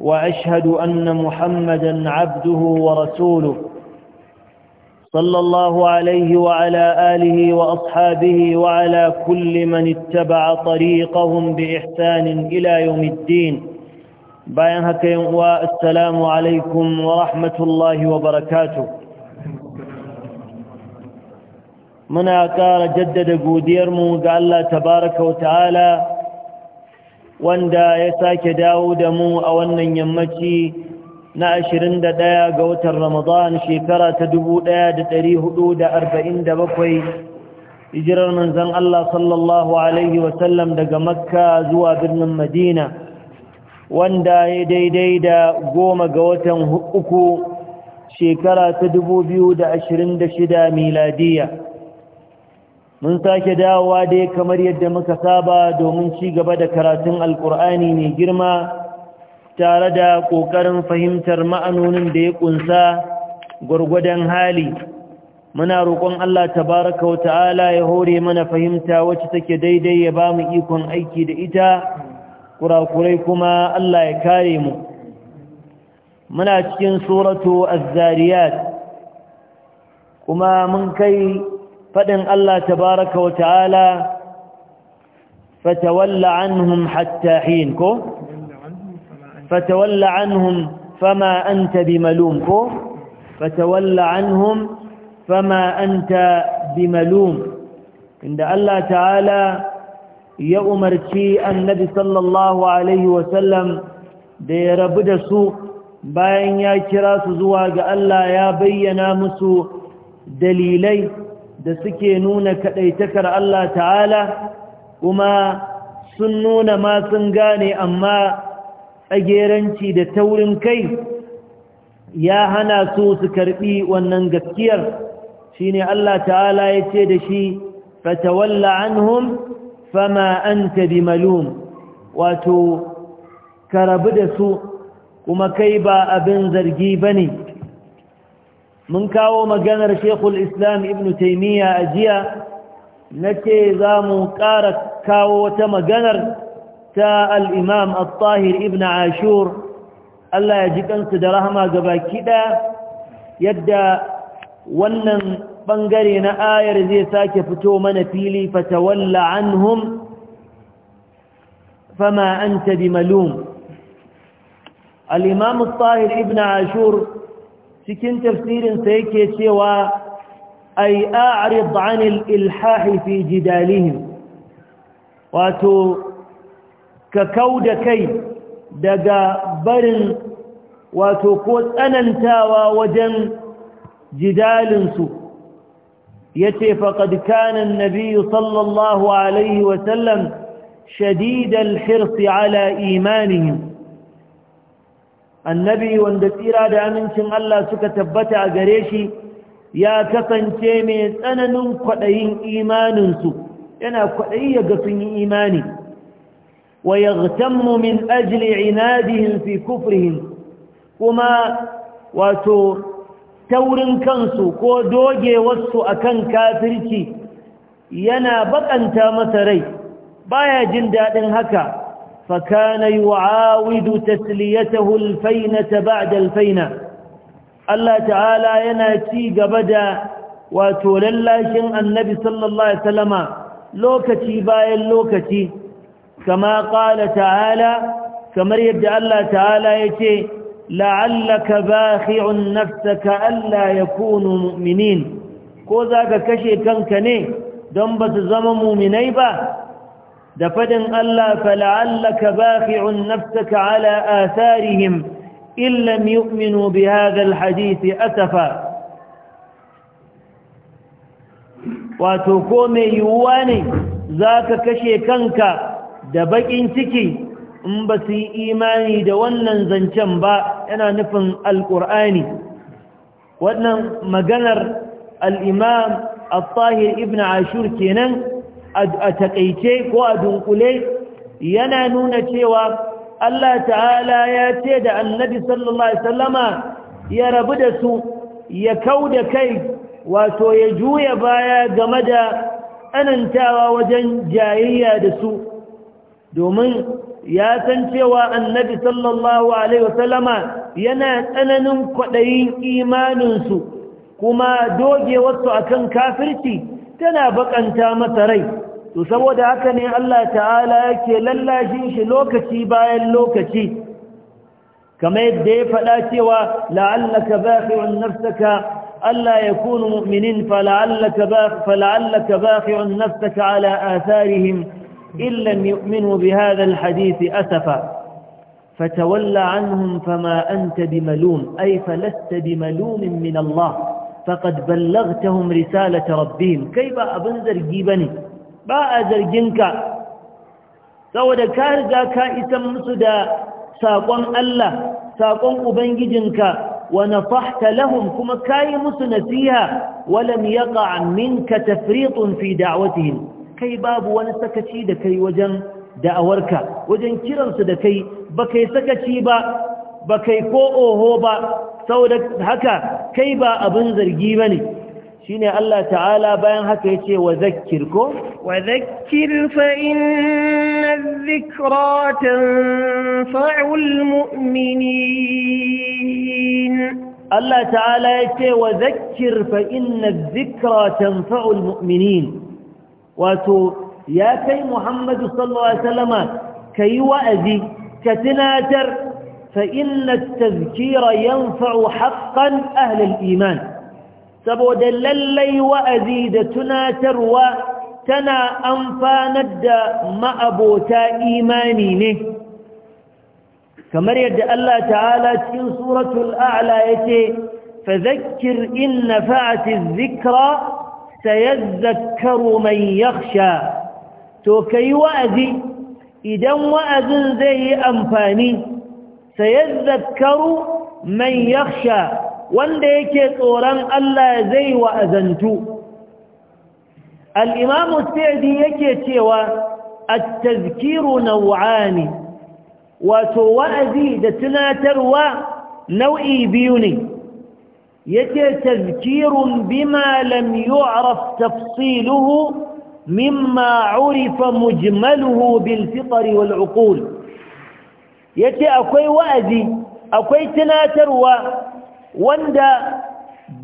وأشهد أن محمدا عبده ورسوله صلى الله عليه وعلى آله وأصحابه وعلى كل من اتبع طريقهم بإحسان إلى يوم الدين باين هكا والسلام عليكم ورحمة الله وبركاته من قال جدد قوديرمو قال الله تبارك وتعالى wanda ya sake dawo da mu a wannan yammaci na 21 ga watan Ramadan shekara ta 1447 hijirar manzon Allah sallallahu alaihi wasallam daga Makka zuwa birnin Madina wanda ya daidai da goma ga watan uku shekara ta 2026 miladiya mun sake dawowa dai kamar yadda muka saba domin ci gaba da karatun alkur'ani mai girma tare da ƙoƙarin fahimtar ma'anonin da ya ƙunsa gwargwadon hali muna roƙon Allah tabaraka wa ta'ala ya hore mana fahimta wacce take daidai ya ba mu ikon aiki da ita kurakurai kuma Allah ya kare mu muna cikin suratu az-zariyat kuma mun kai فدن الله تبارك وتعالى فتول عنهم حتى حين كو عنهم فما أنت بملوم كو عنهم فما أنت بملوم عند الله تعالى ya umarci annabi sallallahu alaihi wasallam da ya rabu da su bayan ya kira su zuwa ga Allah ya bayyana musu dalilai da suke nuna kaɗaitakar Allah ta'ala kuma sun nuna ma sun gane amma tsageranci da taurin kai ya hana su su karɓi wannan gaskiyar shine Allah ta'ala ya ce da shi fatawalla anhum fama tabi malum. wato karabu da su kuma kai ba abin zargi bane من منكاو مجانا شيخ الإسلام ابن تيمية أجيا نتي زامو كارك كاو وتم جنر تا الإمام الطاهر ابن عاشور ألا يجب أن تدرهما قبا كدا يدى ونن بنقرين آية رزي ساكة فتومن فيلي فتولى عنهم فما أنت بملوم الإمام الطاهر ابن عاشور cikin tafsirinsa yake cewa ai a'rid 'anil ilhahi fi jidalihim wato ka kauda kai daga barin wato ko tsanantawa wajen jidalinsu yace faqad kana an-nabiy sallallahu alaihi wa sallam shadidal hirsi ala imanihim annabi wanda tsira da amincin Allah suka tabbata a gare shi ya kasance mai tsananin kwaɗayin imaninsu yana kwaɗayi ya ga sun yi imani wa yaghtammu min ajli inadihim fi kuma wato taurin kansu ko dogewarsu akan kafirci yana bakanta masa rai baya jin daɗin haka فكان يعاود تسليته الفينة بعد الفينة الله تعالى يناتي قبدا وتوللاشن النبي صلى الله عليه وسلم لوكتي باي لوكتي كما قال تعالى كما يبدا الله تعالى يتي لعلك باخع نفسك ألا يكونوا مؤمنين ko za ka kashe kanka ne don ba su zama muminai ba da fadin Allah fala'allaka baqi'un nafsaka ala atharihim illam yu'minu bihadha a atafa wato ko me yiwuwa ne zaka kashe kanka da bakin ciki in ba su yi imani da wannan zancen ba yana nufin al'urani. wannan maganar al-imam al-tahir ibn ashur kenan a takaice ko a dunkule yana nuna cewa Allah ta'ala ya ce da annabi sallallahu alaihi wasallama ya rabu da su ya kauda kai wato ya juya baya game da tsanantawa wajen jayayya da su domin ya san cewa annabi sallallahu alaihi wasallama yana tsananin kwaɗayin imaninsu kuma doge wasu akan kafirci tana bakanta masa rai to saboda haka ne Allah ta'ala yake lallashin shi lokaci bayan lokaci كما يدي فلاتي ولعلك باخع نفسك ألا يكون مؤمنين فلعلك باخع, فلعلك باخع نفسك على آثارهم إن لم يؤمنوا بهذا الحديث أسفا فتولى عنهم فما أنت بملوم أي فلست بملوم من الله فقد بلغتهم رسالة ربهم كيف أبنزر جيبني ba a ka saboda ka riga ka isan musu da saƙon Allah saƙon ubangijinka wa nafahta lahum kuma kayi musu nasiha walam yaqa minka tafriṭun fi da'watihim kai babu wani sakaci da kai wajen da'awarka wajen kiransu da kai ba kai sakaci ba ba kai ko oho ba saboda haka kai ba abin zargi bane shine Allah ta'ala bayan haka yace wa zakkir ko wa zakkir fa inna dhikra tanfa'ul mu'minin Allah ta'ala yace wa zakkir fa inna dhikra tanfa'ul mu'minin wato ya kai Muhammadu sallallahu salama wasallama kai wa'azi ka tinatar fa inna at-tadhkira yanfa'u haƙƙan ahli iman saboda lallai wa'azi da tunatarwa tana amfanar da ma'abota imani ne kamar yadda Allah ta'ala cikin suratul a'la yace fadhakkir in nafa'ati zikra dhikra sayadhakkaru mai yakhsha to yi wa'azi idan wa'azin zai yi amfani sayadhakkaru mai yakhsha wanda yake tsoron Allah zai wa'azantu al-imam yake cewa at-tazkiru naw'ani wato wa'azi da tunatarwa nau'i biyu ne yake tazkirun bima lam yu'raf tafsiluhu mimma 'urifa mujmaluhu bil fitr wal 'uqul yace akwai wa'azi akwai tunatarwa wanda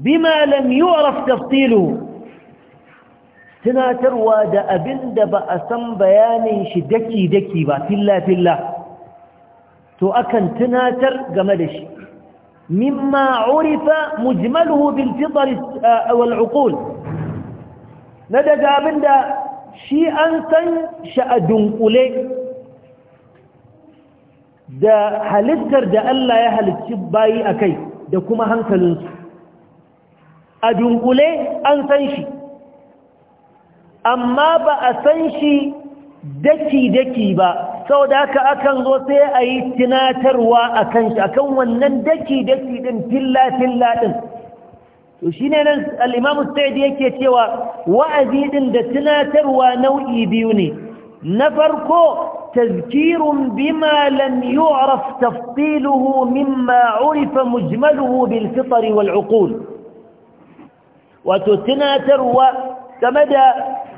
bima lam yu'raf tafsiluhu tunatarwa da abinda ba a san bayanin shi daki daki ba filla filla to akan tunatar game da shi mimma urifa mujmaluhu bil fitr eh, wal uqul na daga abinda shi an san shi a dunkule da halittar da Allah ya halicci bayi kai. da kuma hankalinsu a dunkule an san shi amma ba a san shi daki-daki ba sau da aka akan zo sai a yi tunatarwa a kan shi akan wannan daki-daki din filla-filla din to shi ne nan al'imamu yake cewa wa'azi din da tunatarwa nau'i biyu ne نفركو تذكير بما لم يعرف تفصيله مما عرف مجمله بالفطر والعقول وتتناتروا كما دا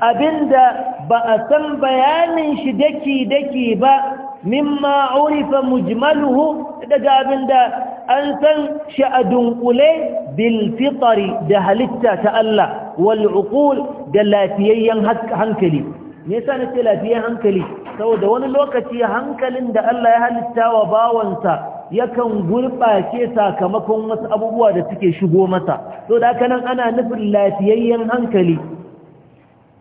أبندا بأسن بيان شدكي دكي با مما عرف مجمله دا أبندا أنسن شأدن قلي بالفطر دهلتا تألا والعقول دلاتيين هنكلي me yasa nace lafiyar hankali saboda wani lokaci hankalin da Allah ya halitta wa bawansa yakan gurɓace sakamakon wasu abubuwa da suke shigo masa so da haka nan ana nufin lafiyayyen hankali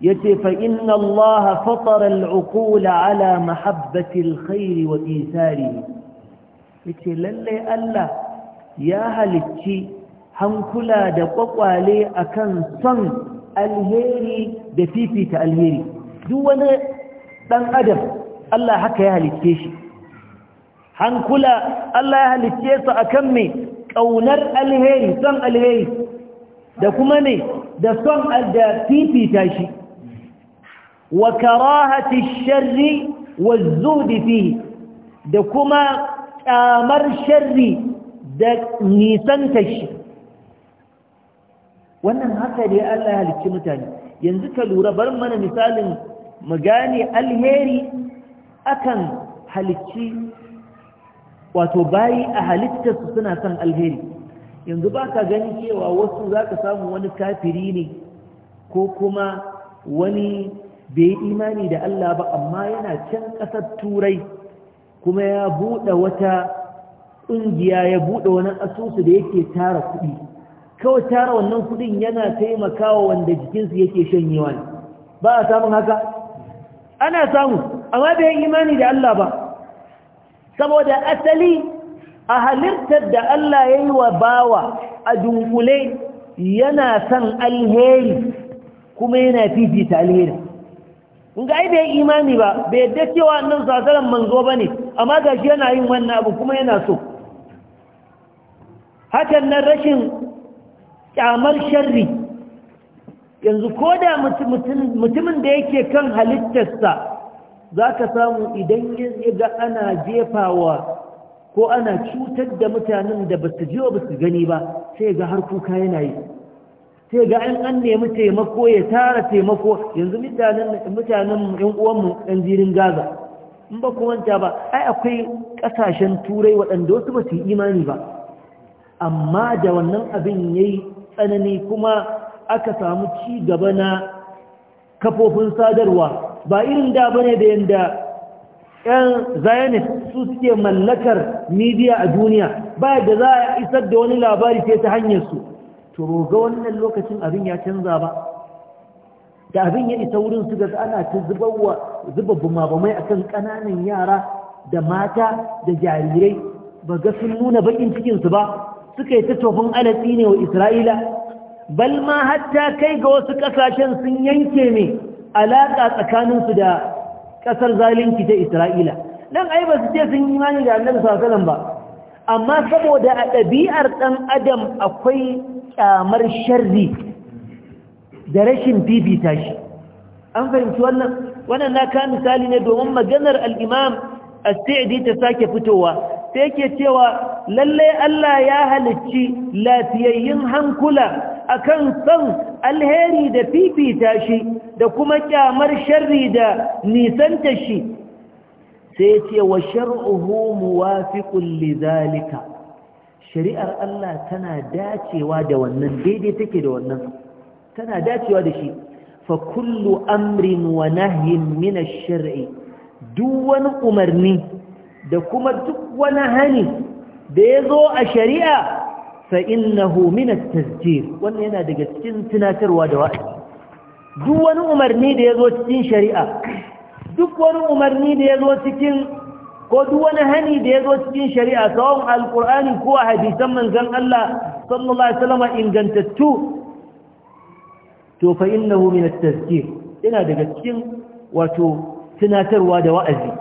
yace fa inna Allah fatara al-uqula ala mahabbati al-khair wa isari yace lalle Allah ya halicci hankula da kwakwale akan son alheri da fifita alheri duk wani ɗan adam Allah haka ya halicce shi hankula Allah ya halicce su akan mai ƙaunar alheri son alheri da kuma ne da son da fifita shi wa karahati sharri wa zuhdi fihi da kuma kyamar sharri da nisanta shi wannan haka ne Allah ya halicci mutane yanzu ka lura bar mana misalin mu gane alheri akan halicci wato bayi a halittarsu suna son alheri yanzu ba ka gani cewa wasu za ka samu wani kafiri ne ko kuma wani bai imani da Allah ba amma yana can ƙasar turai kuma ya buɗe wata ƙungiya ya buɗe wani asusu da yake tara kuɗi kawai tara wannan kuɗin yana taimakawa wanda jikinsu yake shanyewa ba a samun haka ana samu amma bai imani da Allah ba saboda asali a halittar da Allah ya yi wa bawa a dunkule yana son alheri kuma yana fifita alheri ga ai bai imani ba bai yadda cewa annan sasaran manzo ba ne amma ga yana yin wannan abu kuma yana so hakan nan rashin kyamar sharri yanzu ko da mutumin da yake kan halittarsa za ka samu idan ya ga ana jefawa ko ana cutar da mutanen da ba su jiwa ba su gani ba sai ga har kuka yana yi sai ga an an nemi taimako ya tara taimako yanzu mutanen yan uwanmu yan zirin gaza in ba wanta ba ai akwai kasashen turai waɗanda wasu ba su yi imani ba amma da wannan abin ya yi tsanani kuma aka samu ci gaba na kafofin sadarwa ba irin da bane da yanda yan zionist su suke mallakar media a duniya ba da za a isar da wani labari sai ta hanyar su to roga wannan lokacin abin ya canza ba da abin ya isa wurin su ga ana ta zuba bumabamai akan ƙananan yara da mata da jarirai ba ga sun nuna bakin cikinsu ba suka yi ta tofin alatsi ne wa isra'ila bal ma hatta kai ga wasu kasashen sun yanke ne alaƙa tsakaninsu da ƙasar zalunci ta isra'ila nan ai ba su ce sun yi imani da annabi sallallahu ba amma saboda a ɗabi'ar ɗan adam akwai ƙyamar sharri da rashin bibita shi an fahimci wannan wannan na ka misali ne domin maganar al-imam as ta sake fitowa sai yake cewa lallai Allah ya halicci lafiyayyun hankula akan san alheri da fifita shi da kuma kyamar sharri da nisanta shi sai ya ce wa shar'uhu muwafiqun zalika. shari'ar Allah tana dacewa da wannan daidai take da wannan tana dacewa da shi fa kullu amrin wa nahyin min ash-shar'i duk wani umarni da kuma duk wani hani da ya zo a shari'a fa innahu min at-tasjir wannan yana daga cikin tunatarwa da wa'azi duk wani umarni da ya zo cikin shari'a duk wani umarni da ya zo cikin ko duk wani hani da ya zo cikin shari'a sawon alkur'ani ko hadisan manzon Allah sallallahu alaihi wasallam ingantattu to fa innahu min at yana daga cikin wato tunatarwa da wa'azi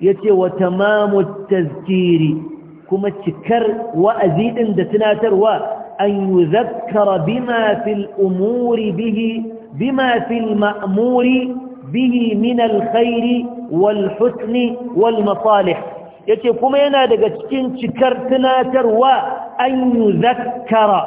yace wa tamamu at-tazkiri kuma cikar wa'azi ɗin da tunatarwa an yuzakkara bima fil umuri bihi bima fil ma'muri bihi min alkhairi wal husni wal masalih yace kuma yana daga cikin cikar tunatarwa an yuzakkara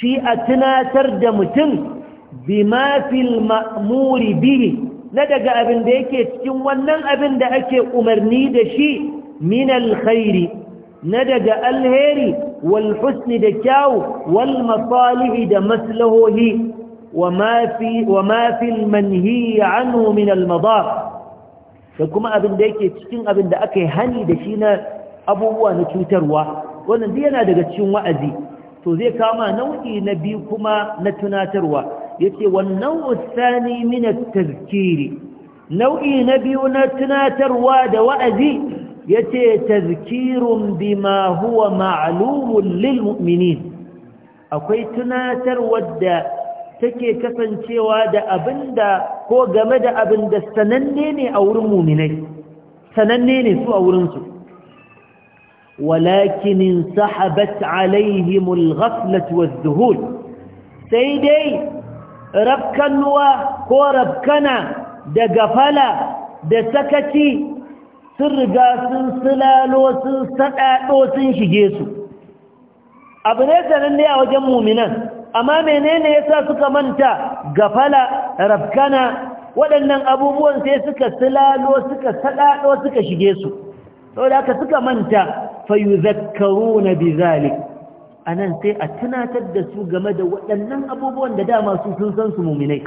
shi a tunatar da mutum bima fil ma'muri bihi na daga abin da yake cikin wannan abin da ake umarni da shi min alkhairi na daga alheri wal husni da kyau wal masalihi da maslahohi wa ma fi anhu min al madar da kuma abin da yake cikin abin da aka yi hani da shi na abubuwa na cutarwa wannan zai yana daga cikin wa'azi to zai kama nau'i na biyu kuma na tunatarwa yace wannan usani min at-tazkiri nau'i na biyu na tunatarwa da wa'azi yace tazkirun bima huwa ma'lumun lilmuminin akwai tunatar wadda take kasancewa da abinda ko game da abinda sananne ne a wurin mu'minai sananne ne su a wurin su walakin sahabat alaihimul al-ghaflatu sai dai rabkanuwa ko rabkana da gafala da sakaci sun riga sun sulalo sun saɗaɗo sun shige su abu ne sanin ne a wajen muminan amma menene yasa suka manta gafala rafkana waɗannan abubuwan sai suka sulalo suka saɗaɗo suka shige su saboda haka suka manta fayuzakkaruna bizalik anan sai a tunatar da su game da waɗannan abubuwan da dama su sun san su muminai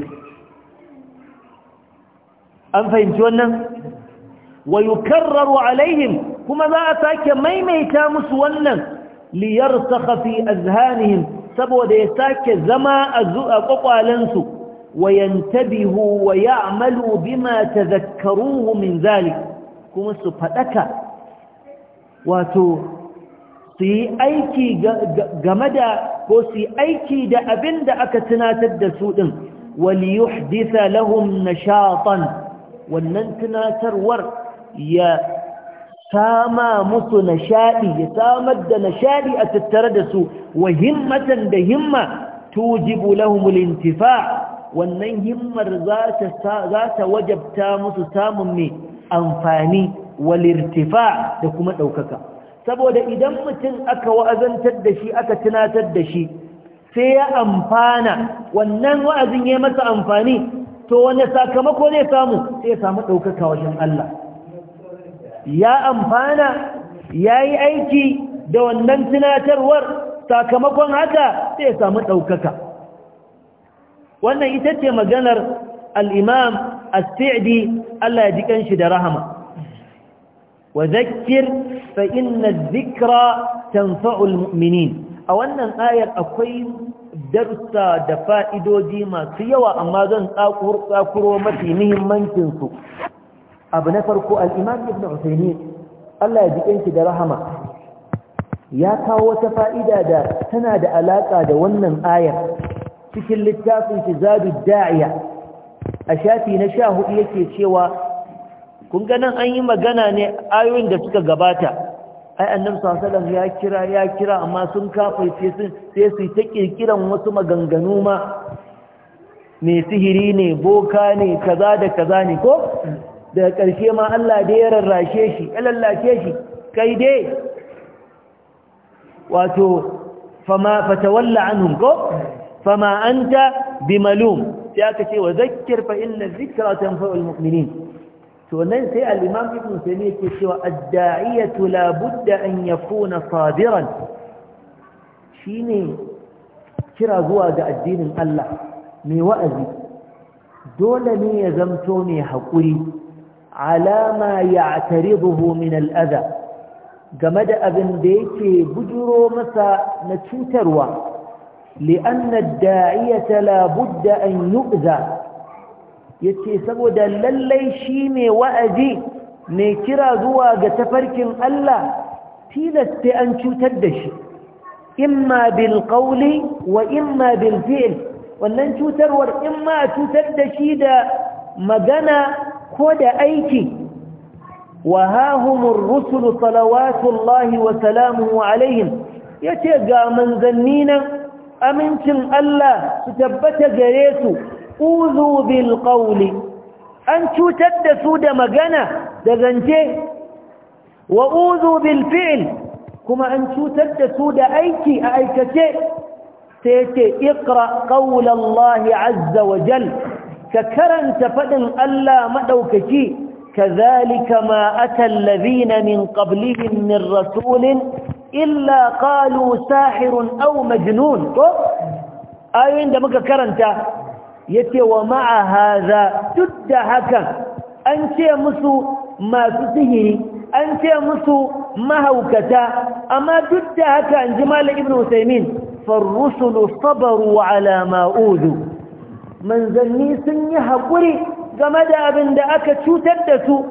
an fahimci wannan wa yukarraru alaihim kuma za a sake maimaita musu wannan liyarsakha fi azhanihim saboda ya sake zama a kwakwalensu wa yantabihu wa ya'malu bima tadhakkaruhu min kuma su fadaka wato su yi aiki game da ko su yi aiki da abin da aka tunatar da su din waliyuhdisa lahum nashatan wannan tunatarwar ya sama musu nashadi ya samar da nashadi a tattare da su wa himmatan da himma tujibu lahumul intifa wannan himmar za ta wajabta musu samun mai amfani wal irtifa da kuma daukaka saboda idan mutum aka wa'azantar da shi aka tunatar da shi sai ya amfana wannan wa'azin ya masa amfani to wani sakamako ne samu sai ya samu ɗaukaka wajen Allah ya amfana ya yi aiki da wannan tunatarwar sakamakon haka sai ya samu ɗaukaka wannan ita ce maganar al'imam as-sa'di Allah ya jikan shi da rahama wa zakir fa inna zikra tanfa'ul mu'minin a wannan ayar akwai darussa da fa'idoji masu yawa amma zan tsakuro mafi muhimmancinsu abu na farko al'imam ibn Usaini Allah ya jikin shi da rahama ya kawo wata fa'ida da tana da alaƙa da wannan ayar cikin littafin shi zabi da'iya a shafi na sha hudu yake cewa kun ganin an yi magana ne ayoyin da suka gabata ai annab sasalam ya kira ya kira amma sun kafaice su sai su ta kirkiran wasu maganganu ma mai sihiri ne boka ne kaza da kaza ne ko daga ƙarshe ma Allah da ya rarrashe shi ya lallace shi kai dai wato fama fatawalla anhum ko fama anta bimalum sai aka ce wa zakkir fa inna dhikra tanfa'ul mu'minin to nan sai al-imam ibn sani yake cewa ad-da'iyatu la budda an yakuna Shi shine kira zuwa ga addinin Allah mai wa'azi dole ne ya zamto mai haƙuri ala ma ya'tariduhu min al'adha game da abin da yake bujuro masa na cutarwa li'anna ad-da'iyata la budda an yu'za yace saboda lallai shi ne wa'azi mai kira zuwa ga tafarkin Allah tilasta an cutar da shi imma bil qawli wa imma bil fi'l wannan cutarwar imma cutar da shi da magana ko da aiki wa hahumur rusul salawatullahi wa salamuhu alaihim yace ga manzanni nan amincin Allah su tabbata gare su uzu bil qawli an cutar da su da magana da zance wa uzu bil fi'l kuma an cutar da su da aiki a aikace sai ce iqra qawla azza wa jalla ka karanta faɗin Allah maɗaukaki ka zalika ma atan labina min ƙablihin min rasulun illa ƙalu sahirun au majnun ayoyin da muka karanta yace wa ma'a haza duk da an ce musu masu sihiri an ce musu mahaukata amma duk da haka an ji ibn husaymin farrusulu sabaru wa alama'udu manzanni sun yi haƙuri game da abin da aka cutar da su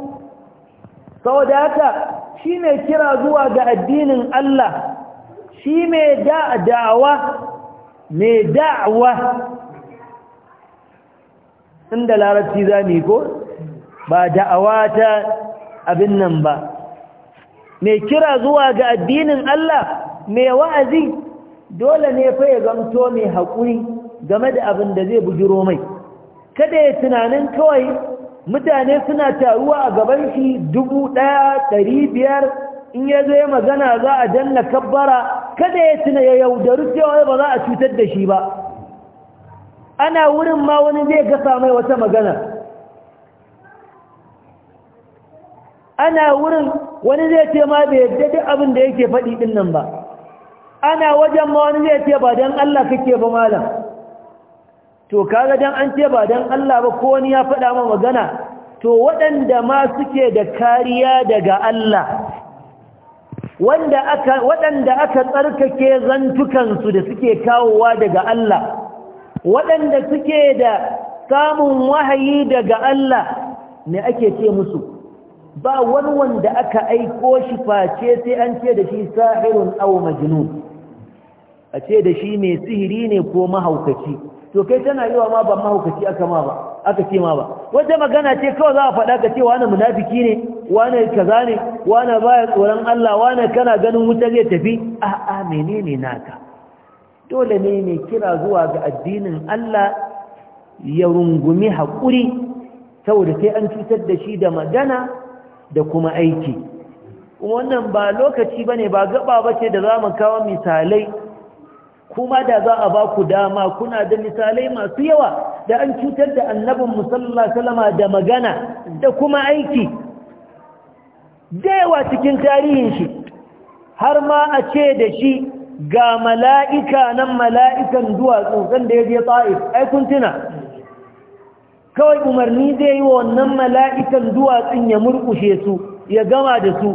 sau haka shi ne kira zuwa ga addinin Allah shi mai da'awa mai da'awa inda larabci za mu yi ko ba da'awa ta abin nan ba mai kira zuwa ga addinin Allah mai wa'azi dole ne fa ya zamto mai haƙuri game da abin da zai bujiro mai kada ya tunanin kawai mutane suna taruwa a gaban shi dubu ɗaya ɗari biyar in ya zo ya magana za a danna kabbara kada ya tuna ya yaudaru cewa ba za a cutar da shi ba ana wurin ma wani zai gasa mai wata magana ana wurin wani zai ce ma bai yadda duk abin da yake faɗi ɗin nan ba ana wajen ma wani zai ce ba don Allah kake ba malam to kaga dan an ce ba dan Allah ba ko wani ya faɗa ma magana to waɗanda ma suke da kariya daga Allah wanda aka waɗanda aka tsarkake zantukansu da suke kawowa daga Allah waɗanda suke da samun wahayi daga Allah ne ake ce musu ba wani wanda aka aiko shi face sai an ce da shi sahirun aw majnun a ce da shi mai sihiri ne ko mahaukaci to kai tana yiwa ma ba mahaukaci aka ma ba aka ce ma ba wata magana ce kawai za a faɗa ka ce wani munafiki ne wani kaza ne wani baya tsoron Allah wani kana ganin wuta zai tafi a'a menene naka dole ne mai kira zuwa ga addinin Allah ya rungumi hakuri saboda sai an cutar da shi da magana da kuma aiki wannan ba lokaci bane ba gaba bace da zamu kawo misalai kuma da za a ba ku dama kuna da misalai masu yawa da an cutar da annabin musalla salama da magana da kuma aiki da yawa cikin tarihin shi har ma a ce da shi ga mala'ika nan mala'ikan duwatsu kan da ya je ta'if aikun kawai umarni zai yi wa wannan mala'ikan duwatsun ya murkushe su ya gama da su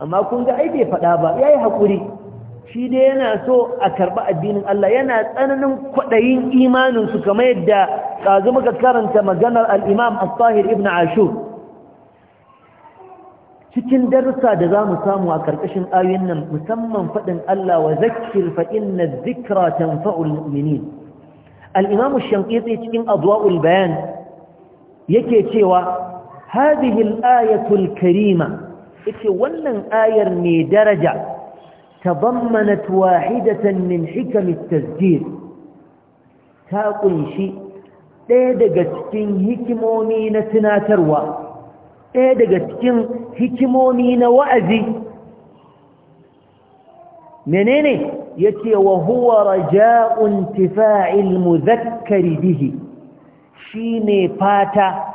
amma kun ga aiki faɗa ba ya yi haƙuri shi dai yana so a karɓi addinin Allah yana tsananin kwaɗayin imaninsu kamar yadda ƙazu muka karanta maganar al'imam al-tahir ibn ashur cikin darussa da za mu samu a ƙarƙashin ayoyin nan musamman faɗin Allah wa zakir fa'in na zikra tanfa'ul mu'minin al'imam shankitsi cikin abuwaul bayan yake cewa hadihil ayatul karima ita wannan ayar mai daraja تضمنت واحدة من حكم التسجيل ta ƙunshi, ɗaya daga cikin hikimomi na tunatarwa ɗaya daga cikin hikimomi na wa'azi menene yace wa huwa raja'un tifa'il muzakkari bihi shine fata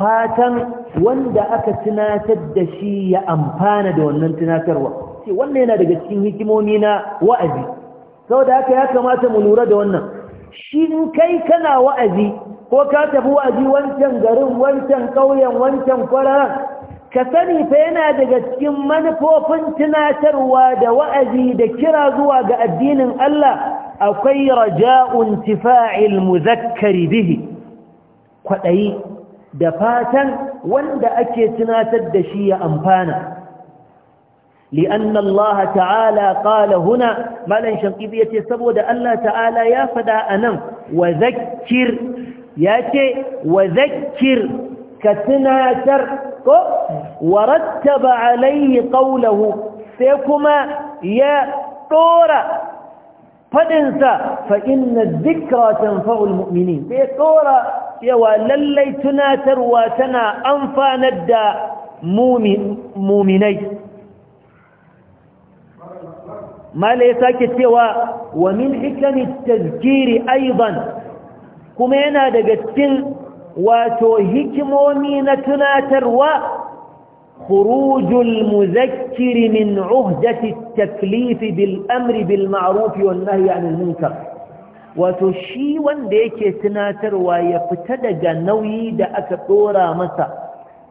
fatan wanda aka tunatar da shi ya amfana da wannan tunatarwa ce wannan yana daga cikin hikimomi na wa'azi saboda haka ya kamata mu lura da wannan shi in kai kana wa'azi ko ka tafi wa'azi wancan garin wancan ƙauyen wancan kwararan ka sani fa yana daga cikin manufofin tunatarwa da wa'azi da kira zuwa ga addinin Allah akwai raja'un tifa'il muzakkari bihi kwaɗayi da fatan wanda ake tunatar da shi ya amfana لأن الله تعالى قال هنا ما لن شنقبية سبود الله تعالى يا فدا أنم وذكر ياتي وذكر كتناتر ورتب عليه قوله سيكما يا طورة فدنسى فإن الذكرى تنفع المؤمنين يا طورة يا وللي تناتر وتنا أنفى ندى مؤمنين ما ليس كتوى ومن حكم التذكير أيضا كما ينادى قتل وتهكمومي نتنا تروى خروج المذكر من عهدة التكليف بالأمر بالمعروف والنهي عن المنكر وتشيوان ديكي تناتر ويفتدق نوي دا أكتورا مسا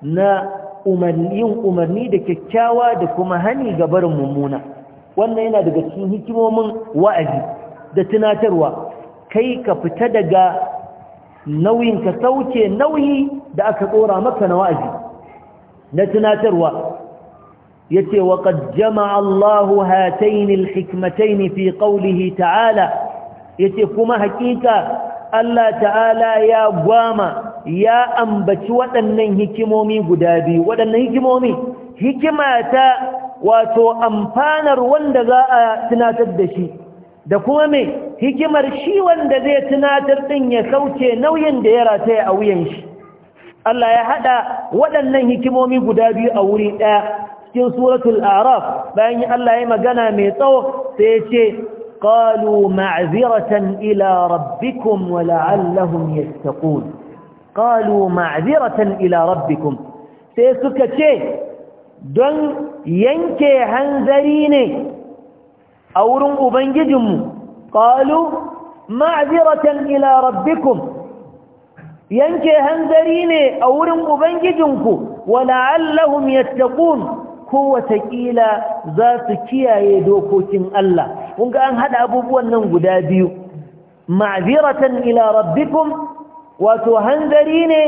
نا أمرني أمرني دا كتشاوى دا كمهني قبر ممونة wannan yana daga cikin hikimomin wa'azi da tunatarwa kai ka fita daga nauyin ka sauke nauyi da aka tsora maka na wa'azi na tunatarwa yace wa qad jama'a Allahu hatayn al fi qawlihi ta'ala yace kuma hakika Allah ta'ala ya gwama ya ambaci waɗannan hikimomi guda biyu waɗannan hikimomi hikima ta wato amfanar wanda za a tunatar da shi da kuma mai hikimar shi wanda zai tunatar ɗin ya kauce nauyin da ya rataya a wuyan shi Allah ya haɗa waɗannan hikimomi guda biyu a wuri ɗaya cikin suratul araf bayan Allah ya magana mai tsawo sai ya ce qalu ma'ziratan ila rabbikum wa la'allahum yattaqun qalu ma'ziratan ila rabbikum sai suka ce don yanke hanzari ne a wurin ubangijinmu ƙalu ma'aziratan ila rabbikum yanke hanzari ne a wurin ubangijinku wala'allahum yattaqun ko watakila za su kiyaye dokokin Allah kunga ga an haɗa abubuwan nan guda biyu ma'aziratan ila rabbikum wato hanzari ne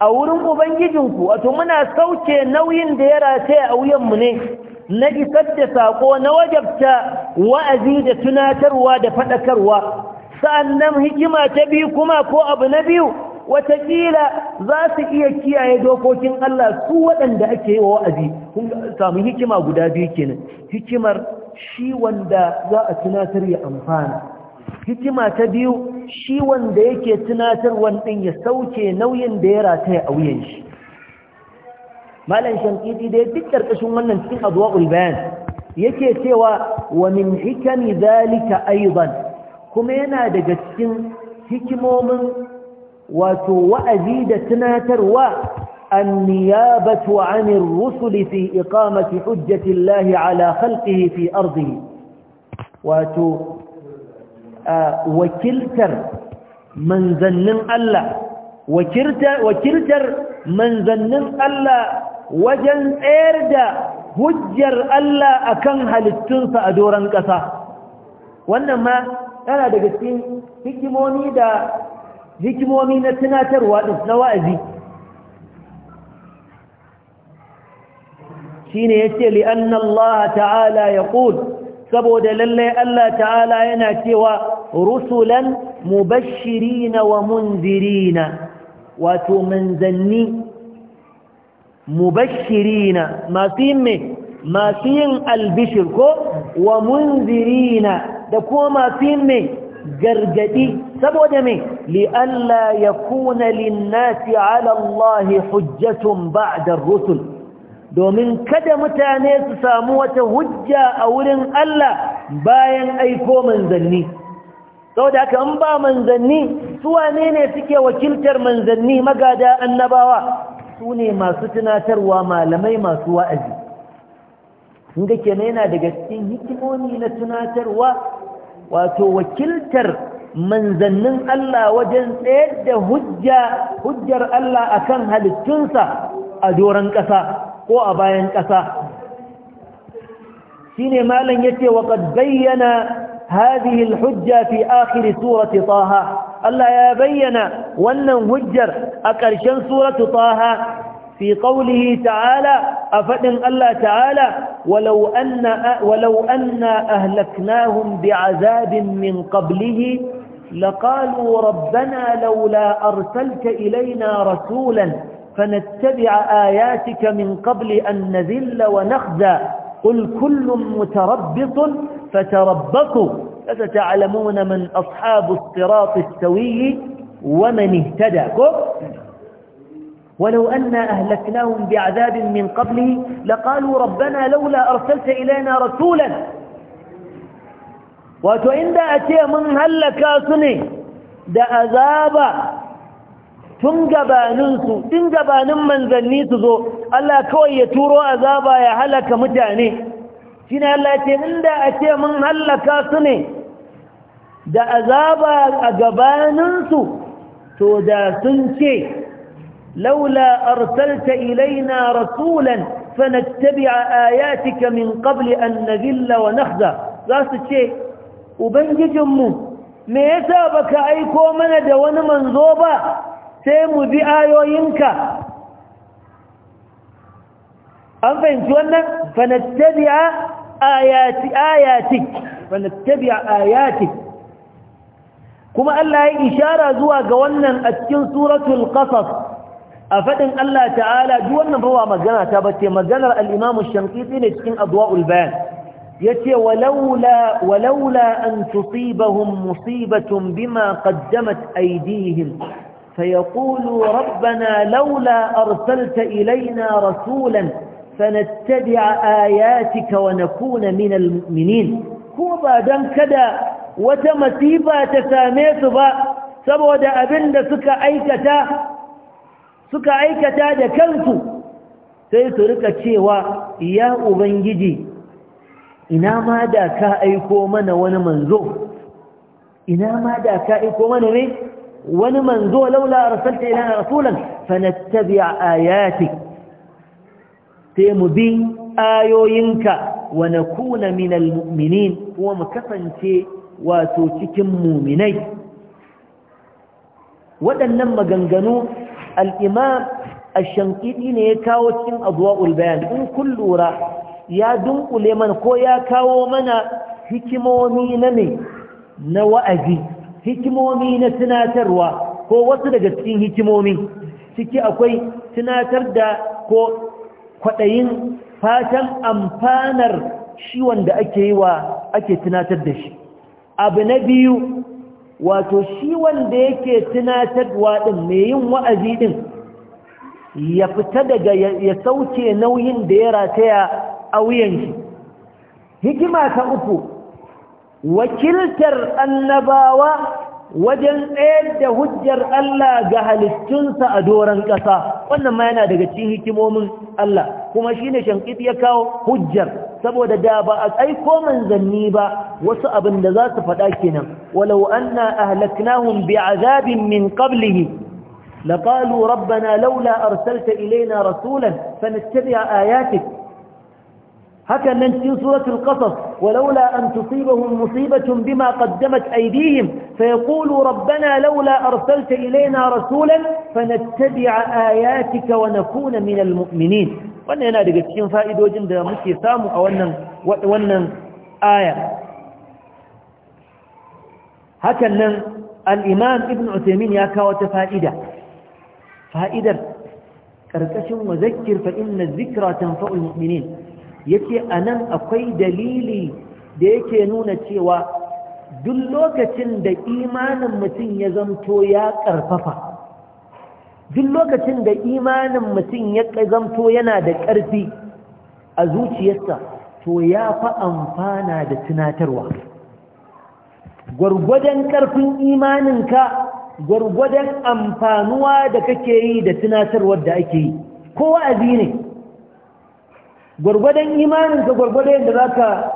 a wurin ubangijinku wato muna sauke nauyin da ya rataya a wuyanmu ne na isar da saƙo na wajabta wa'azi da tunatarwa da faɗakarwa sa'annan hikima ta biyu kuma ko abu na biyu watakila za su iya kiyaye dokokin Allah su waɗanda ake yi wa wa'azi samu hikima guda biyu kenan hikimar shi wanda za a tunatar ya amfana hikima ta biyu shi wanda yake tunatarwan din ya sauke nauyin da ya rataya a wuyan shi malam shankiti da duk karkashin wannan cikin adwa'ul bayan yake cewa wa min hikami zalika aidan kuma yana daga cikin hikimomin wato wa'azi da tunatarwa niyabatu عن الرسل fi iqamati hujjati llahi ala khalqihi fi أرضه wato wakiltar manzannin Allah wakiltar manzannin Allah wajen tsayar da hujjar Allah akan halittunsa a doron ƙasa wannan ma yana daga cikin hikimomi da hikimomi na tunatarwa ɗin na wa'azi shine yace li anna Allah ta'ala yaqul saboda lalle Allah ta'ala yana cewa rusulan mubashirina wa munzirina wato manzanni mubashirina masu yin me masu yin albishir ko wa munzirina da kuma masu yin me gargadi saboda me li'alla yakuna lin-nasi 'ala Allahi hujjatun ba'da ar-rusul domin kada mutane su samu wata hujja a wurin Allah bayan aiko manzanni saboda haka in ba manzanni su wane ne suke wakiltar manzanni magada annabawa su ne masu tunatarwa malamai masu wa'azi inda ke kenan yana daga cikin hikimomi na tunatarwa wato wakiltar manzannin Allah wajen tsayar da hujja hujjar Allah akan halittunsa a doron ƙasa ko a bayan ƙasa shine malam yace wa qad bayyana هذه الحجة في آخر سورة طه ألا يبين وأن هجر أكرشان سورة طه في قوله تعالى أفدن الله تعالى ولو أن, ولو أن أهلكناهم بعذاب من قبله لقالوا ربنا لولا أرسلت إلينا رسولا فنتبع آياتك من قبل أن نذل ونخزى قل كل متربص فتربصوا فستعلمون من أصحاب الصراط السوي ومن اهتدى ولو أنا أهلكناهم بعذاب من قبله لقالوا ربنا لولا أرسلت إلينا رسولا وتعند أتي من هلك أسني azaba تنجب gabaninsu تنجب gabanin manzanni su zo ألا كوي ya turo يا ya halaka shi ne Allah ce inda a ce mun hallaka su ne da azaba a gabaninsu to da sun ce laula arsalta ilaina rasulan fanattabi'a ayatika min qabli an wa nakhza za su ce ubangijinmu me yasa baka aiko mana da wani manzo ba sai mu bi ayoyinka أفهم سؤالنا فنتبع آيات آياتك فنتبع آياتك كما قال لها إشارة زوا قولنا أتكن سورة القصص أفهم الله تعالى جوانا فهو مجانا تابت مجانا الإمام الشنقيطي نتكن أضواء البان يتي ولولا, ولولا أن تصيبهم مصيبة بما قدمت أيديهم فيقول ربنا لولا أرسلت إلينا رسولا sanatabi'a ayatika wa nakuna minal mu'minin kuma ba don kada wata masifa ta same su ba saboda abin da suka aikata da kansu sai su rika cewa ya ubangiji ina ma da ka aiko mana wani manzo ina ma da ka aiko mana wani manzo laula arsalta ilana rasulan fanattabi' sai mu bi ayoyinka wa kuna minal mu'minin kuma mu kasance wato cikin muminai waɗannan maganganu al-imam ash-shankidi ne ya kawo cikin adwa'ul bayan in kun lura ya dunkule mana ko ya kawo mana hikimomi na ne na wa'azi hikimomi na tunatarwa ko wasu daga cikin hikimomi ciki akwai tunatar da ko kwaɗayin fatan amfanar shi wanda ake yi wa ake tunatar da shi abu na biyu wato shi wanda yake tunatarwa ɗin mai yin wa'azi ɗin ya fita daga ya sauke nauyin da ya rataya a wuyan shi hikima ta uku wakiltar annabawa wajen tsayar da hujjar Allah ga halittunsa a doron ƙasa wannan ma yana daga cikin hikimomin Allah kuma shine shankit ya kawo hujjar saboda da ba a aiko manzanni ba wasu abin da za su faɗa kenan walau anna ahlaknahum bi'azabin min qablihi laqalu rabbana laula arsalta ilaina rasulan fanattabi'a ayatik هكذا في سورة القصص ولولا أن تصيبهم مصيبة بما قدمت أيديهم فيقولوا ربنا لولا أرسلت إلينا رسولا فنتبع آياتك ونكون من المؤمنين وأن هنا لقيتهم فائد وجند مشي سام أو أن آية هكذا الإمام ابن عثيمين يا كاوت فائدة فائدة كركش وذكر فإن الذكرى تنفع المؤمنين yace anan akwai dalili da yake nuna cewa duk lokacin da imanin mutum ya zamto ya karfafa duk lokacin da imanin mutum ya zamto yana da ƙarfi a zuciyarsa to ya fa amfana da tunatarwa gwargwadon ƙarfin imaninka gwargwadon amfanuwa da kake yi da tunatarwar da ake yi ko wa'azi ne gwargwadon imaninka gwargwadon yadda za ka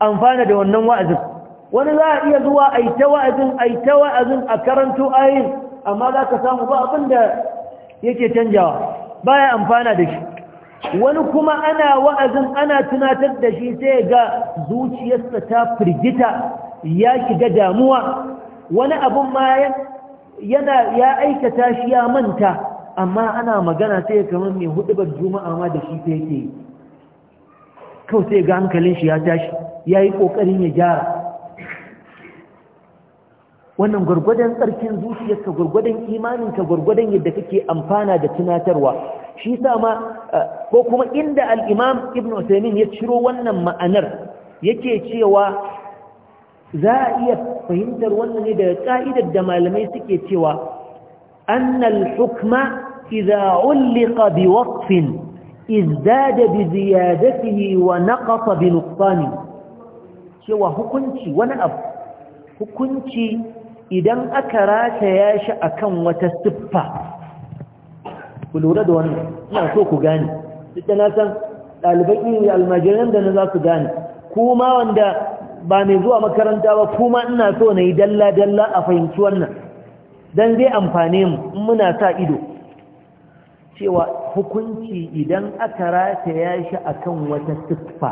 amfana da wannan wa'azin wani za a iya zuwa a yi ta wa'azin a yi ta wa'azin a karanto ayin amma za ka samu ba abin da yake canjawa baya amfana da shi wani kuma ana wa'azin ana tunatar da shi sai ga zuciyarsa ta firgita ya shiga damuwa wani abin ma yana ya aikata shi ya manta amma ana magana sai kamar mai hudubar juma'a ma da shi ta yake kawai sai ga hankalin shi ya tashi ya yi ƙoƙarin ya gyara wannan gwargwadon tsarkin zuciyarka gwargwadon imaninka gwargwadon yadda kake amfana da tunatarwa shi sa ma eh, ko kuma inda al'imam ibn Uthaymeen ya ciro wannan ma'anar yake cewa za a iya fahimtar wannan ne daga ka'idar da malamai suke cewa annal hukma إذا علق بوقف ازداد بزيادته ونقص بنقصانه cewa hukunci wani abu hukunci idan aka ya shi akan wata siffa ku lura da wannan ina so ku gane duk da na san ɗaliban ilimi almajiran da na za su gane kuma wanda ba mai zuwa makaranta ba kuma ina so na yi dalla-dalla a fahimci wannan don zai amfane mu muna sa ido cewa hukunci idan aka rataya shi akan wata siffa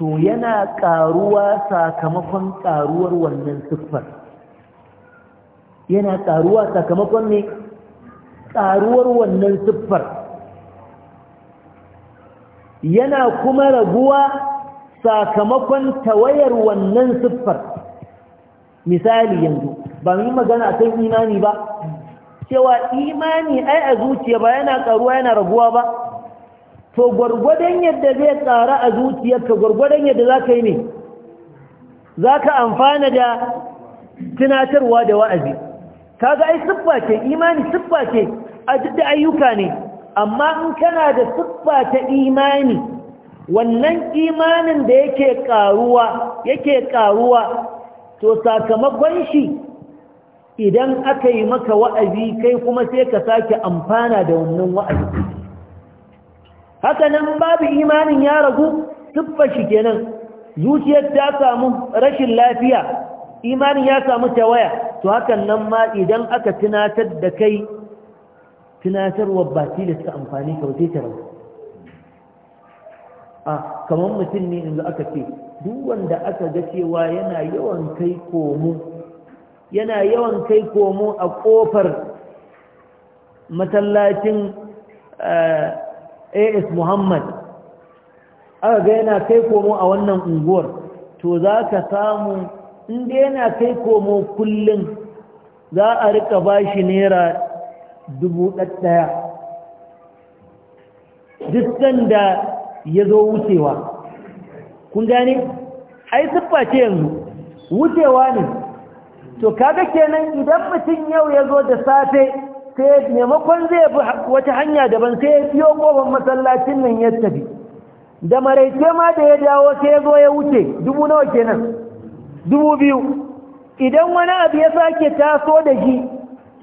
to yana ƙaruwa sakamakon ƙaruwar wannan siffar yana ƙaruwa sakamakon ne ƙaruwar wannan siffar yana kuma raguwa sakamakon tawayar wannan siffar misali yanzu ba mu yi magana kan imani ba cewa imani ai a zuciya ba yana karuwa yana raguwa ba to gwargwadon yadda zai tsara a zuciyarka gwargwadon yadda za ka yi ne za ka amfana da tunatarwa da wa'azi kaga ai siffa ce imani siffa ce a duk da ayyuka ne amma in kana da siffa ta imani wannan imanin da yake karuwa yake karuwa to sakamakon shi idan aka yi maka wa'azi kai kuma sai ka sake amfana da wannan wa'azi haka nan babu imanin ya ragu tuffa shi kenan zuciyar ta samu rashin lafiya imanin ya samu tawaya to hakan nan ma idan aka tunatar da kai tunatarwa ba suka amfani kautai ta ragu a kamar mutum ne inda aka ce duk wanda aka ga cewa yana yawan kai komo yana yawan kai komo a ƙofar matallacin eh, as muhammad aka ga yana kai komo a wannan unguwar to za ka samu inda yana kai komo kullum za a rika bashi naira dubu ɗaya duk sanda ya zo wucewa kun gane ai siffa ce yanzu wucewa ne to kaga kenan idan mutum yau ya zo da safe sai maimakon zai bi wata hanya daban sai ya fiyo kofar masallacin nan ya tafi da maraice ma da ya dawo sai ya zo ya wuce dubu nawa kenan dubu biyu idan wani abu ya sake taso da shi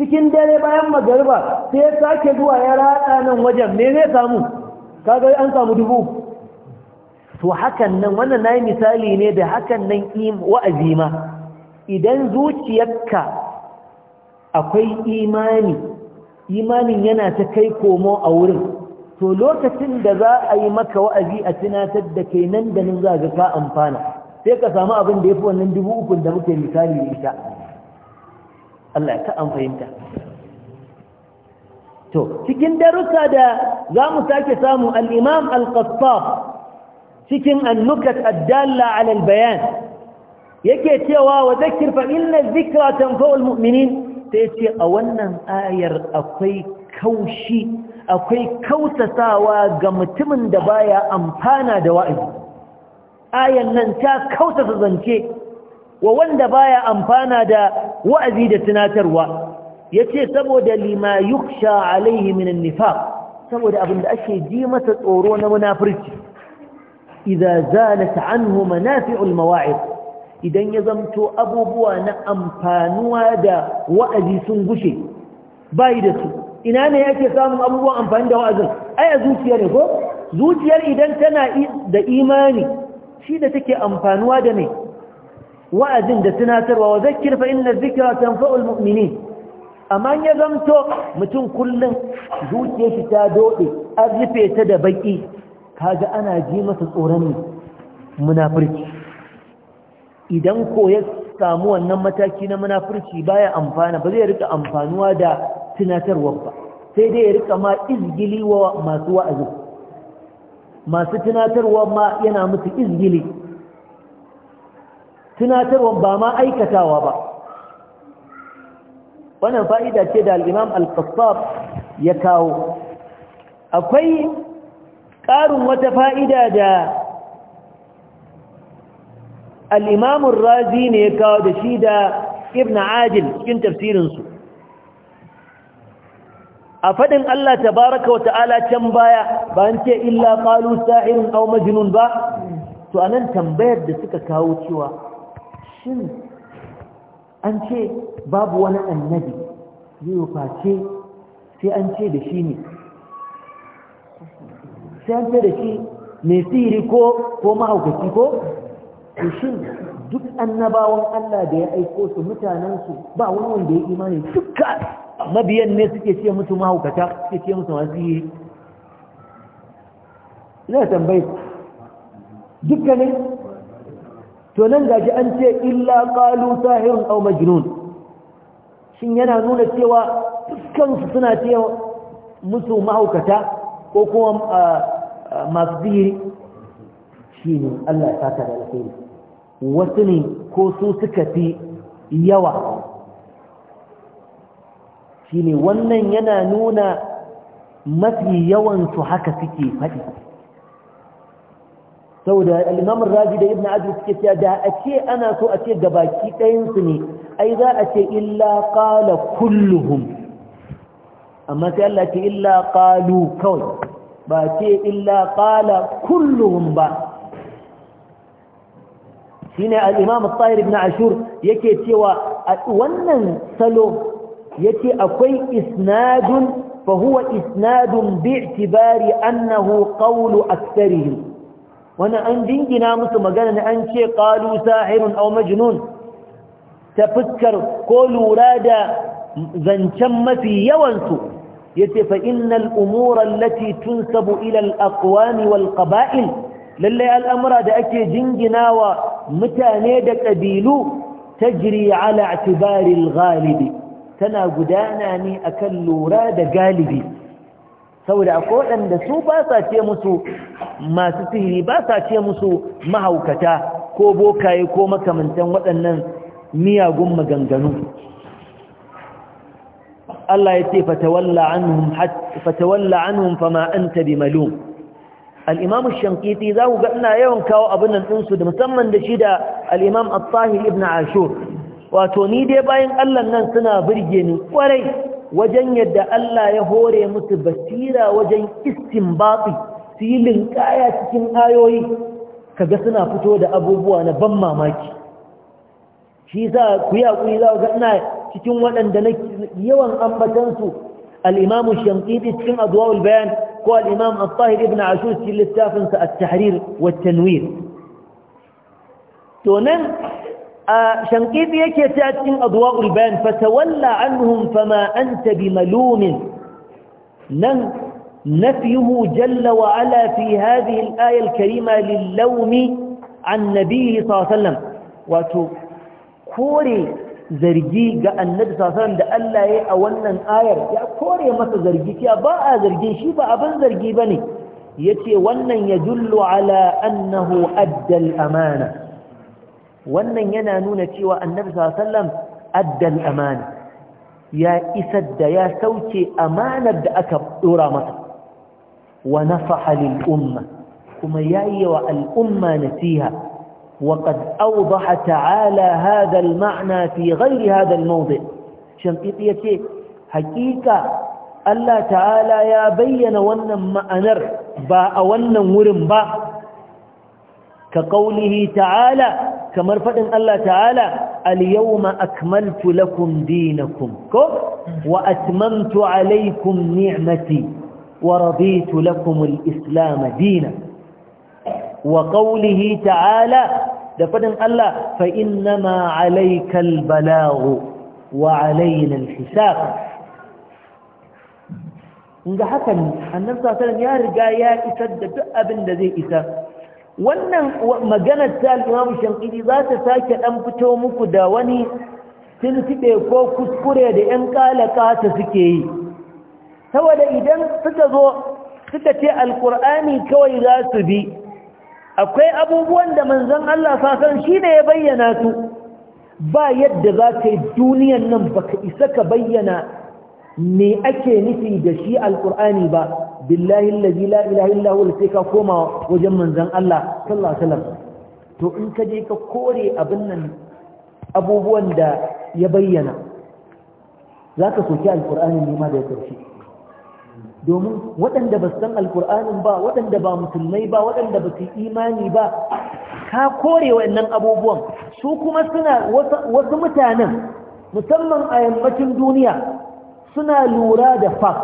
cikin dare bayan magariba sai ya sake zuwa ya rada nan wajen me zai samu kaga an samu dubu to hakan nan wannan nayi misali ne da hakan nan wa'azi ma idan zuciyarka akwai imani imanin yana ta kai komo a wurin to lokacin da za a yi maka wa'azi a tunatar da kai nan da nan za ga ka amfana sai ka samu abin da ya fi wannan dubu ukun da muke misali da ita Allah ka an fahimta to cikin darussa da za mu sake samu al-imam al-qattab cikin annukat ad-dalla ala al-bayan yake cewa wa zakir fa inna dhikra tanfa'ul mu'minin sai ce a wannan ayar akwai kaushi akwai kautasawa ga mutumin da baya amfana da wa'azi ayan nan ta kautasa zance wa wanda baya amfana da wa'azi da tunatarwa yace saboda lima yuksha alaihi min an-nifaq saboda abin da ake ji masa tsoro na munafirci idza zalat anhu manafi'ul mawa'id idan ya zamto abubuwa na amfanuwa da wa'azi sun gushe bai da su ina ne yake samun abubuwan amfani da wa'azin aya zuciya ne ko zuciyar idan tana da imani shi da take amfanuwa da ne wa'azin da tunatarwa wa zakir fa inna dhikra tanfa'ul amma ya zamto mutum kullum zuciyar shi ta doɗe an rufe ta da baki kaga ana ji masa tsoron munafurci idan ko ya samu wannan mataki na munafurci baya amfana ba zai rika amfanuwa da tunatarwar ba sai dai ya rika ma izgili wa masu wa'azi masu tunatarwa ma yana musu izgili tunatarwa ba ma aikatawa ba wannan fa'ida ce da al'imam al-qassab ya kawo akwai ƙarin wata fa'ida da al-imam razi ne ya kawo da shi da ibn ajil cikin tafsirin su a fadin Allah tabaraka wa ta'ala can baya ba an ce illa qalu sahirun aw majnun ba to anan tambayar da suka kawo cewa shin an ce babu wani annabi zai face sai an ce da shi ne sai an ce da shi mai sihiri ko ko mahaukaci ko to shin duk annabawan Allah da ya aiko su mutanansu ba wani wanda ya imani dukkan mabiyan ne suke ce mutu mahaukata suke ce musu masu yi ina tambayi dukkanin to nan gaji an ce illa qalu sahirun aw majnun shin yana nuna cewa dukkan su suna ce mutu mahaukata ko kuma ah, ah, masu Shi ne Allah ya saka da alheri wasu ne ko su suka fi yawa shi ne wannan yana nuna mafi yawansu haka suke faɗi saboda al'imamun raji da ibn ajiyar suke cewa da a ce ana so a ce gabaki ɗayansu ne ai za a ce illa ƙala kulluhum amma sai Allah ce illa ƙalu kawai ba ce illa ƙala kullum ba shine al-imam at-tahir ibn ashur yake cewa wannan salo yace akwai isnadun fa huwa isnadun bi'tibari annahu qawlu aktharihim wannan an jingina musu magana ne an ce qalu sahirun aw majnun ta fuskar ko lura da zancen mafi yawansu yace fa innal umura allati tunsabu ila al-aqwami wal qaba'il lallai al'amura da ake jinginawa mutane da ƙabilu ta jiri ala galibi tana gudana ne akan lura da galibi saboda akwai waɗanda su ba sa ce musu masu sihiri ba sa ce musu mahaukata ko bokaye ko makamantan waɗannan miyagun maganganu Allah ya ce fatawalla anhum fama tabi malum. al'imamu shankiti za ku ga ina yawan kawo abin ɗinsu da musamman da shi da al'imam al-tahir ibn ashur wato ni dai bayan allah nan suna birge ni kwarai wajen yadda allah ya hore musu basira wajen istinbati su yi kaya cikin ayoyi kaga suna fito da abubuwa na ban mamaki shi za ku yi haƙuri za ku ga ina cikin waɗanda na yawan ambatansu الإمام الشنقيطي تكن أضواء البيان هو الإمام الطاهر ابن عاشور تكن للتافنس التحرير والتنوير تونن آه شنقيطي يكي تكن أضواء البيان فتولى عنهم فما أنت بملوم نن نفيه جل وعلا في هذه الآية الكريمة للوم عن نبيه صلى الله عليه وسلم وتكوري zargi ga annabi sasan da Allah ya yi a wannan ayar ya kore masa zargi cewa ba a zargin shi ba abin zargi bane yace wannan ya jullu ala annahu adda amana wannan yana nuna cewa annabi sallam adda amana ya isar da ya sauke amanar da aka dora masa wa nafaha umma kuma yayi wa al'umma nasiha وقد أوضح تعالى هذا المعنى في غير هذا الموضع شنقيطية حقيقة الله تعالى يا بين ونن مأنر با ونم ورم با كقوله تعالى كمرفق الله تعالى اليوم أكملت لكم دينكم وأتممت عليكم نعمتي ورضيت لكم الإسلام دينا wa qawlihi ta'ala da fadin Allah fa innama alaykal balaghu wa alayna alhisab inda hakan annabi sallallahu ya riga ya isar da duk abin da zai isa. wannan maganar ta al-Imam za ta sake dan fito muku da wani tilfiɗe ko kuskure da ‘yan ta suke yi saboda idan suka zo suka ce alƙur'ani kawai za su bi akwai abubuwan da manzon Allah sasan shi ne ya bayyana su ba yadda za ka yi duniyan nan ba ka isa ka bayyana me ake nufi da shi alkur'ani ba billahi allazi la ilaha sai ka koma wajen manzon Allah sallallahu alaihi wasallam to in ka je ka kore abin nan abubuwan da ya bayyana zaka soki alkur'ani ne ma da ya karshe domin waɗanda ba san alkur'anin ba waɗanda ba musulmai ba waɗanda ba su imani ba ka kore waɗannan abubuwan su kuma suna wasu mutanen musamman a yammacin duniya suna lura da fak.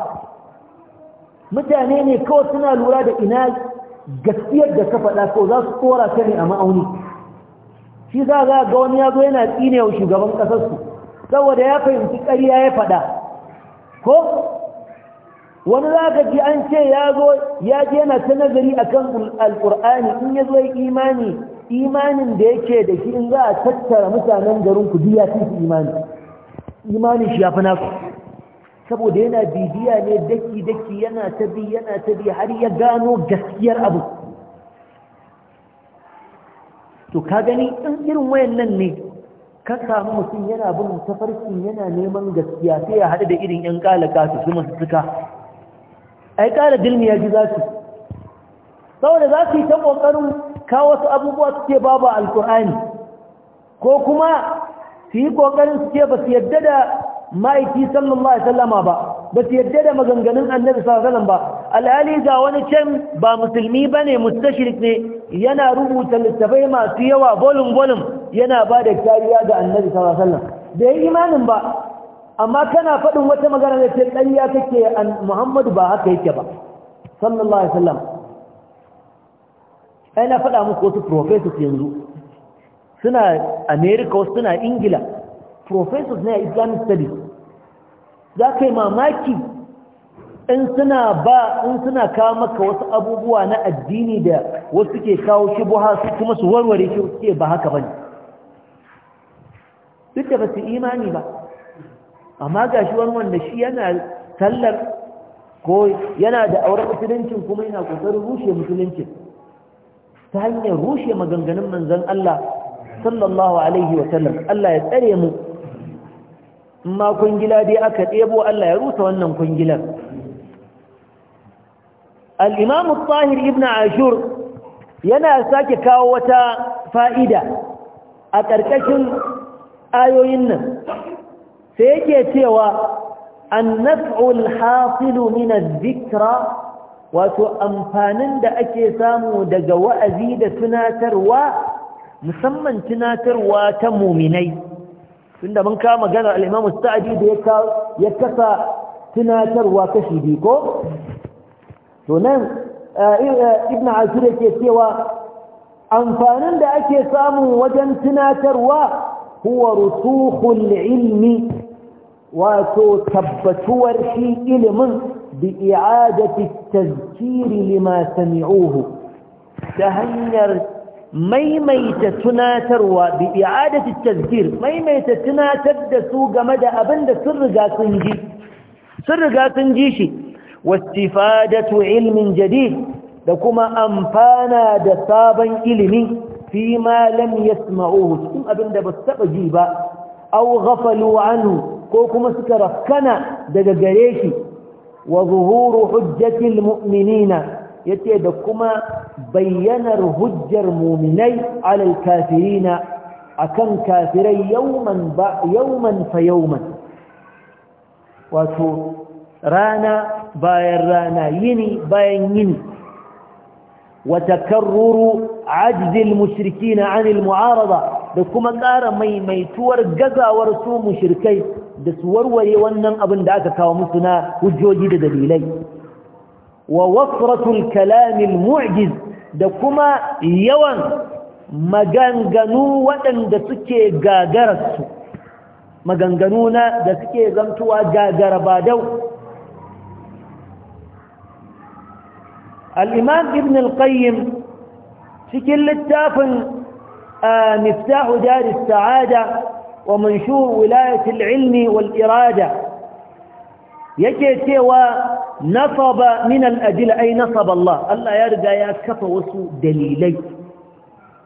mutane ne kawai suna lura da ina gaskiyar da ka faɗa ko za su tsora ta ne a ma'auni shi za ga ga wani ya zo yana tsinewa shugaban ƙasarsu saboda ya fahimci ƙarya ya faɗa ko wani za ji an ce ya zo ya je yana ta nazari akan alqur'ani in ya zo imani imanin da yake da shi in za a tattara mutanen garin ku biya su imani imani shi ya fi nasu saboda yana bibiya ne daki daki yana ta bi yana ta bi har ya gano gaskiyar abu to ka gani in irin wayannan ne ka samu mutum yana bin tafarkin yana neman gaskiya sai ya haɗu da irin 'yan kalaka su su masu suka ai ƙara dilmi ya ji za su saboda za su yi ta ƙoƙarin kawo wasu abubuwa su ce babu alƙur'ani ko kuma su yi ƙoƙarin su ce ba su yadda da ma'aiki sallallahu alaihi sallama ba ba su yadda da maganganun annabi sallallahu ba alhali ga wani can ba musulmi ba ne mustashrik ne yana rubuta littafai masu yawa bolin bolin yana ba da kariya ga annabi sallallahu alaihi sallam imanin ba amma kana faɗin wata magana da ce ƙarya take an muhammadu ba haka yake ba sallallahu alaihi wasallam ai na faɗa muku wasu professors yanzu suna america wasu suna ingila professors na islamic studies za ka yi mamaki in suna ba in suna kawo maka wasu abubuwa na addini da wasu ke kawo shubuha su kuma su warware shi suke ba haka bane duk da ba su imani ba amma ga shi wani wanda shi yana tallar ko yana da auren musuluncin kuma yana kokarin rushe musuluncin ta hanyar rushe maganganun manzon Allah sallallahu alaihi wa Allah ya tsare mu ma kungila dai aka ɗebo Allah ya rusa wannan kungilar al’imamu tsahir ibn ashur yana sake kawo wata fa'ida a ƙarƙashin ayoyin nan sai yake cewa annaf'ul hasilu min adh-dhikra wato amfanin da ake samu daga wa'azi da tunatarwa musamman tunatarwa ta muminai tunda mun kama magana al-Imam Sa'di da ya kasa tunatarwa kashi biyu ko to nan eh, eh, Ibn Asir yake cewa amfanin da ake samu wajen tunatarwa huwa rusukhul ilmi wato tabbatuwar shi ilimin bi i'adati tazkiri lima sami'uhu ta hanyar maimaita tunatarwa bi i'adati tazkir maimaita tunatar da su game da abin da sun riga sun ji sun riga sun ji shi wastifadatu ilmin jadid da kuma amfana da sabon ilimi fi ma lam yasma'uhu cikin abin da ba su taba ji ba أو غفلوا عنه كوكما سكرفكنا دقاقريك وظهور حجة المؤمنين يتيدكما بينا الهج المؤمني على الكافرين أكن كافرين يوما, يوما فيوما واتو رانا باين رانا يني باين يني وتكرر عجز المشركين عن المعارضة da kuma ƙara maimaituwar gazawar su mushrikai da su warware wannan abin da aka kawo musu na hujjoji da dalilai wa wasratul kalamil mu'jiz da kuma yawan maganganu waɗanda suke gagararsu maganganu na da suke zamtuwa gagara ba dau al-imam ibn al-qayyim cikin littafin مفتاح دار السعادة ومنشور ولاية العلم والإرادة يكي نصب من الأدلة أي نصب الله الله يرجع يكفى وسو دليلي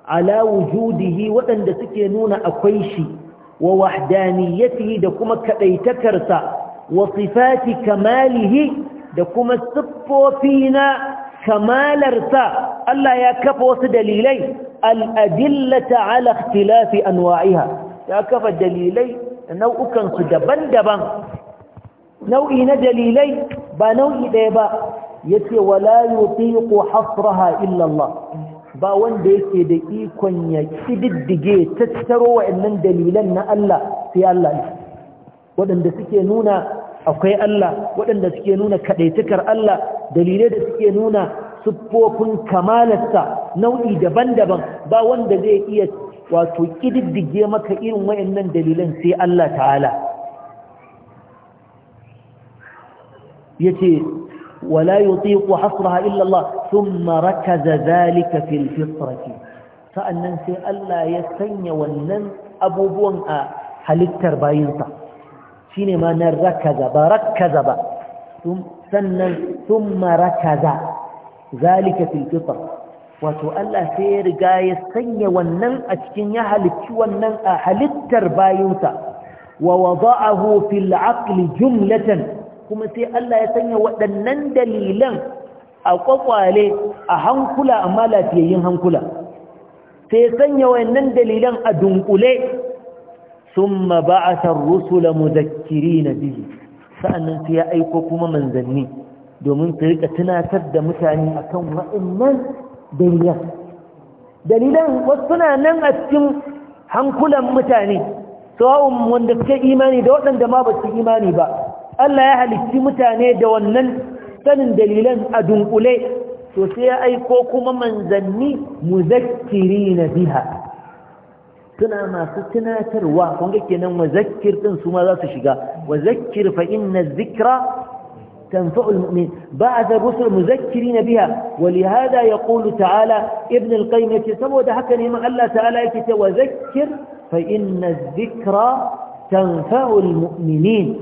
على وجوده وأن تكينون أقويشي ووحدانيته دكما كأيتكرت وصفات كماله دكما السفو فينا kamalarsa Allah ya kafa wasu dalilai al'adillata alaktilafi an anwa'iha ya kafa dalilai nau'ukansu daban-daban nau'i na dalilai ba nau'i ɗaya ba yace wala yutiqu hasraha illallah ba wanda yake da ikon ya kididdige tattaro wa'annan dalilan na Allah sai Allah waɗanda suke nuna akwai Allah waɗanda suke nuna kaɗaitukar Allah dalilai da suke nuna siffofin kamalarsa nau'i daban-daban ba wanda zai iya wato ƙididdige maka irin wayannan dalilan sai Allah ta'ala yace wala yutiqu hasraha illa Allah thumma rakaza zalika fil fitrati sa'annan sai Allah ya sanya wannan abubuwan a halittar bayinsa shine ma na rakaza ba rakaza ba sannan thumma rakaza zalika fil fitr wato Allah sai ya riga ya sanya wannan a cikin ya halicci wannan a halittar bayinsa wa wada'ahu fil aqli jumlatan kuma sai Allah ya sanya waɗannan dalilan a kwakwale a hankula amma lafiyayyin hankula sai ya sanya waɗannan dalilan a dunkule ثم بعث الرسل مذكرين به sa'annan sai ya aiko kuma manzanni domin su rika tunatar da mutane akan wa'annan dalilan dalilan wasu na nan a cikin hankulan mutane tsawon wanda suke imani da waɗanda ma ba su imani ba Allah ya halitti mutane da wannan sanin dalilan a dunkule to ya aiko kuma manzanni muzakkiri na biha suna masu tunatarwa kun ga kenan wazakir ɗin su ma za shiga wazakir fa inna zikra tanfa'u almu'min ba'da rusul muzakkirina biha walihada yaqulu ta'ala ibn alqayyim yace saboda haka ne man Allah ta'ala yake ce wazakir fa inna zikra tanfa'u almu'minin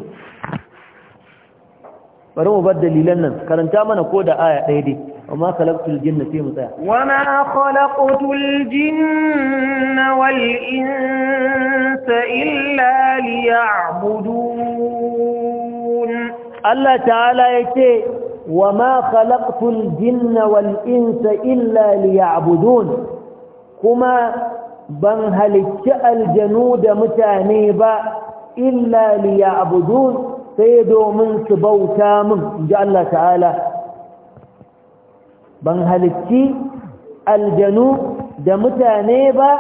bari mu bar dalilan nan karanta mana ko da aya ɗaya وما خلقت الجن في متاع وما خلقت الجن والإنس إلا ليعبدون الله تعالى يتي وما خلقت الجن والإنس إلا ليعبدون كما ban halicci الجنود متانيبا إلا ليعبدون illa liya'budun sai domin الله تعالى ban halicci aljanu da mutane ba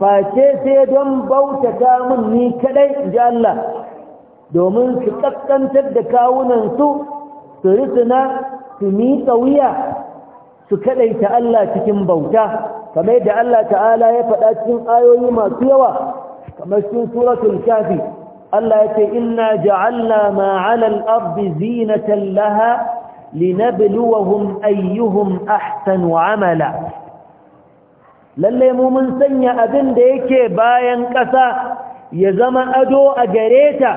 face sai don bautata mun ni kadai ji Allah domin su kaskantar da kawunansu su risina su miƙa wuya su kadaita Allah cikin bauta kamar da Allah ta'ala ya faɗa cikin ayoyi masu yawa kamar cikin suratul kafi Allah ya ce inna ja'alna ma 'ala al-ardi zinatan laha linabluwahum ayyuhum ahsanu amala lalle mu mun sanya abin da yake bayan ƙasa ya zama ado a gareta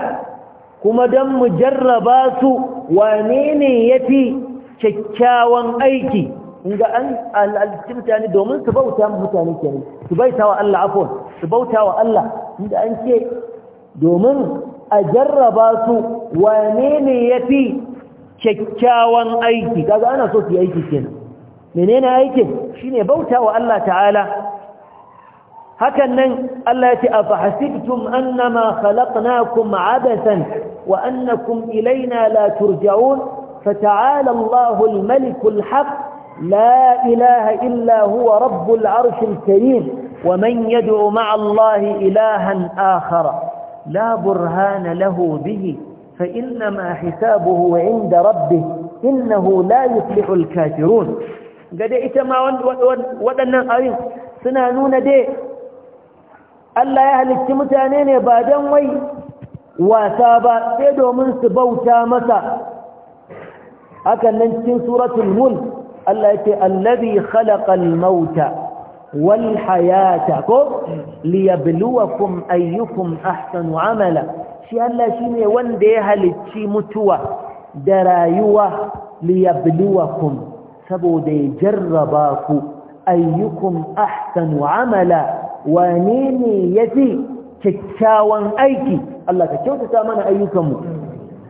kuma don mu jarraba su wane ne ya fi kyakkyawan aiki inga an al'alci mutane domin su bauta mutane kenan su bauta wa Allah domin a jarraba su wane ne ya fi kyakkyawan aiki kaga ana so su yi aiki kenan menene aikin shine bauta wa Allah ta'ala hakan nan Allah ya ce afahasibtum annama khalaqnakum abathan wa annakum ilaina la turja'un fata'ala Allahu al-malik al-haq la لا إله إلا هو رب karim wa man yad'u ma'a الله ilahan آخر la burhana lahu bihi فإنما حسابه عند ربه إنه لا يفلح الكافرون قد إتما ودنا قريب سنانون دي ألا يهل التمتانين بعدين وي وثابا سيدو من سبوتا مسا أكن ننتين سورة الملك الله الذي خلق الموت والحياة ليبلوكم أيكم أحسن عملا shi Allah shine wanda ya halicci mutuwa da rayuwa kun saboda ya jarraba ku ayyukum ahsanu amala wane ne yafi kyakkyawan aiki Allah ka kyautata mana ayyukanmu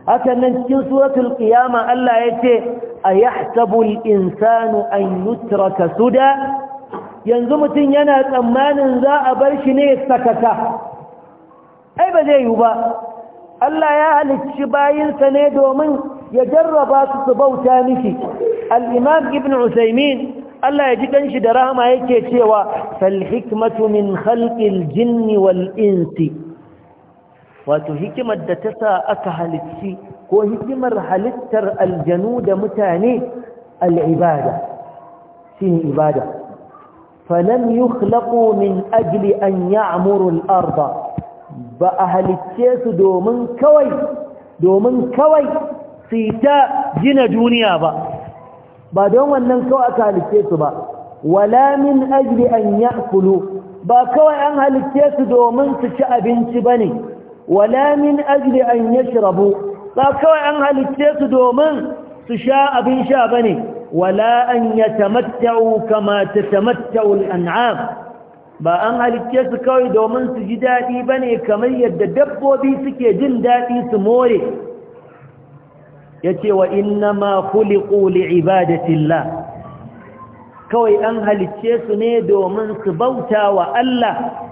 Hakan nan cikin suratul qiyama Allah ya ce a al-insanu an yutraka suda yanzu mutum yana tsammanin za a bar shi ne sakaka ba zai yi ba Allah ya halicci bayinsa ne domin ya jarraba su su bauta mishi al-imam ibn usaymin Allah ya ji kanshi da rahama yake cewa fal hikmatu min khalqil jinni wal insi wato hikimar da ta sa aka halicci ko hikimar halittar aljanu da mutane al-ibada shine ibada falam yukhlaqu min ajli an ya'muru al-ardh ba a halicce su domin kawai domin kawai su yi ta gina duniya ba ba don wannan kawai aka halicce su ba wala min ajli an ya'kulu ba kawai an halicce su domin su ci abinci bane wala min ajli an yashrabu ba kawai an halicce su domin su sha abin sha bane wala an yatamatta'u kama tatamatta'u an'am. ba an halicce su kawai domin su ji daɗi ba ne kamar yadda dabbobi suke jin daɗi su more ya ce wa inna ma kuliku li'ibadatillah kawai an halicce su ne domin su bauta wa Allah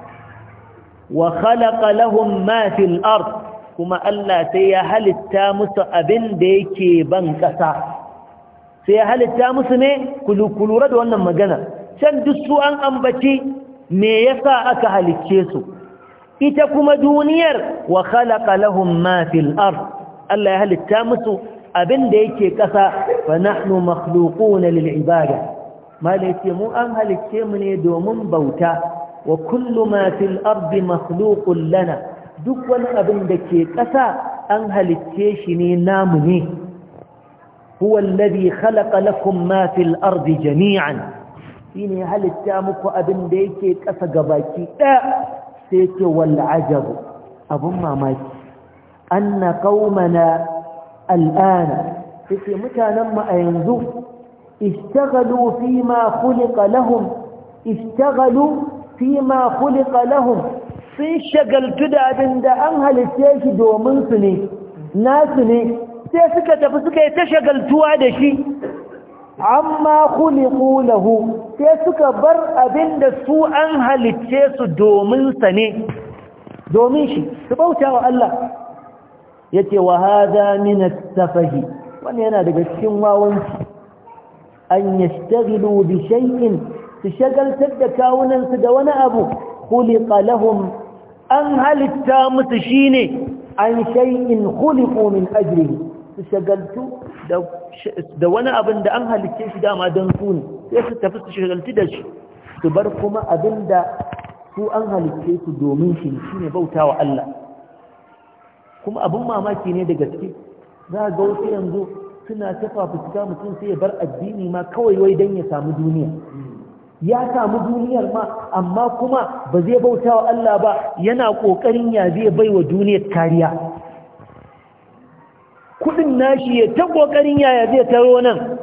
wa khalaqa lahum ma fil ard kuma Allah sai ya halitta musu abin da yake ban ƙasa sai ya halitta musu ne kulura da wannan magana can duk su an ambaci me yasa aka halicce su ita kuma duniyar wa khalaqa lahum ma fil ard Allah ya halitta musu abinda yake kasa fa nahnu makhluquna lil ibada malai mu an halicce mu ne domin bauta wa kullu ma fil ard makhluqun lana duk wani abin da ke kasa an halicce shi ne namu ne huwa alladhi khalaqa lakum ma fil ard jami'an shine ne halitta muku abin da yake ƙasa gabaki ɗaya sai ke wal abin abun mamaki anna qaumana al'ana sai mutanen mu a yanzu ma kuli ƙalahun. Ishtagalu fi ma kuli ƙalahun. sun shagaltu da abin da an halitta shi domin su ne nasu ne sai suka tafi suka yi ta shagaltuwa da shi amma kuli lahu sai suka bar abinda su an halicce su domin sa ne domin shi su bauta wa Allah yace wa hada min tafahi wani yana daga cikin wawanci an yashtaghilu bi shay'in su shagaltar da kawunansu da wani abu kuli kalahun an halitta musu shine an shay'in kuli min ajlihi su shagaltu da wani abin da an halicce shi dama don su sai su tafi su shagalci da shi su bar kuma abin da su an halicce su domin shi shi ne bauta wa Allah kuma abin mamaki ne da gaske za ga wasu yanzu suna tafa fuska mutum sai ya bar addini ma kawai wai don ya samu duniya ya samu duniyar ma amma kuma ba zai bauta wa Allah ba yana ƙoƙarin ya zai bai wa duniyar kariya kudin nashi ya ta kokarin yaya zai taro nan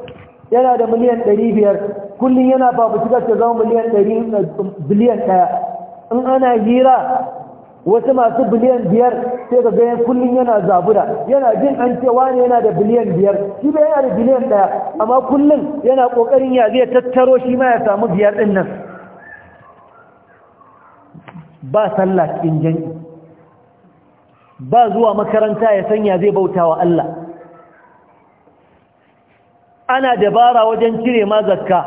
yana da miliyan 500 kullun yana babu shigar ta zama miliyan 100 biliyan daya in ana hira wasu masu biliyan 5 sai ga gayan kullun yana zabura yana jin an cewa ne yana da biliyan 5 shi bai yana da biliyan daya amma kullun yana kokarin ya zai tattaro shi ma ya samu biyar din nan ba sallah injin ba zuwa makaranta ya sanya zai bauta wa Allah ana dabara wajen cire ma zakka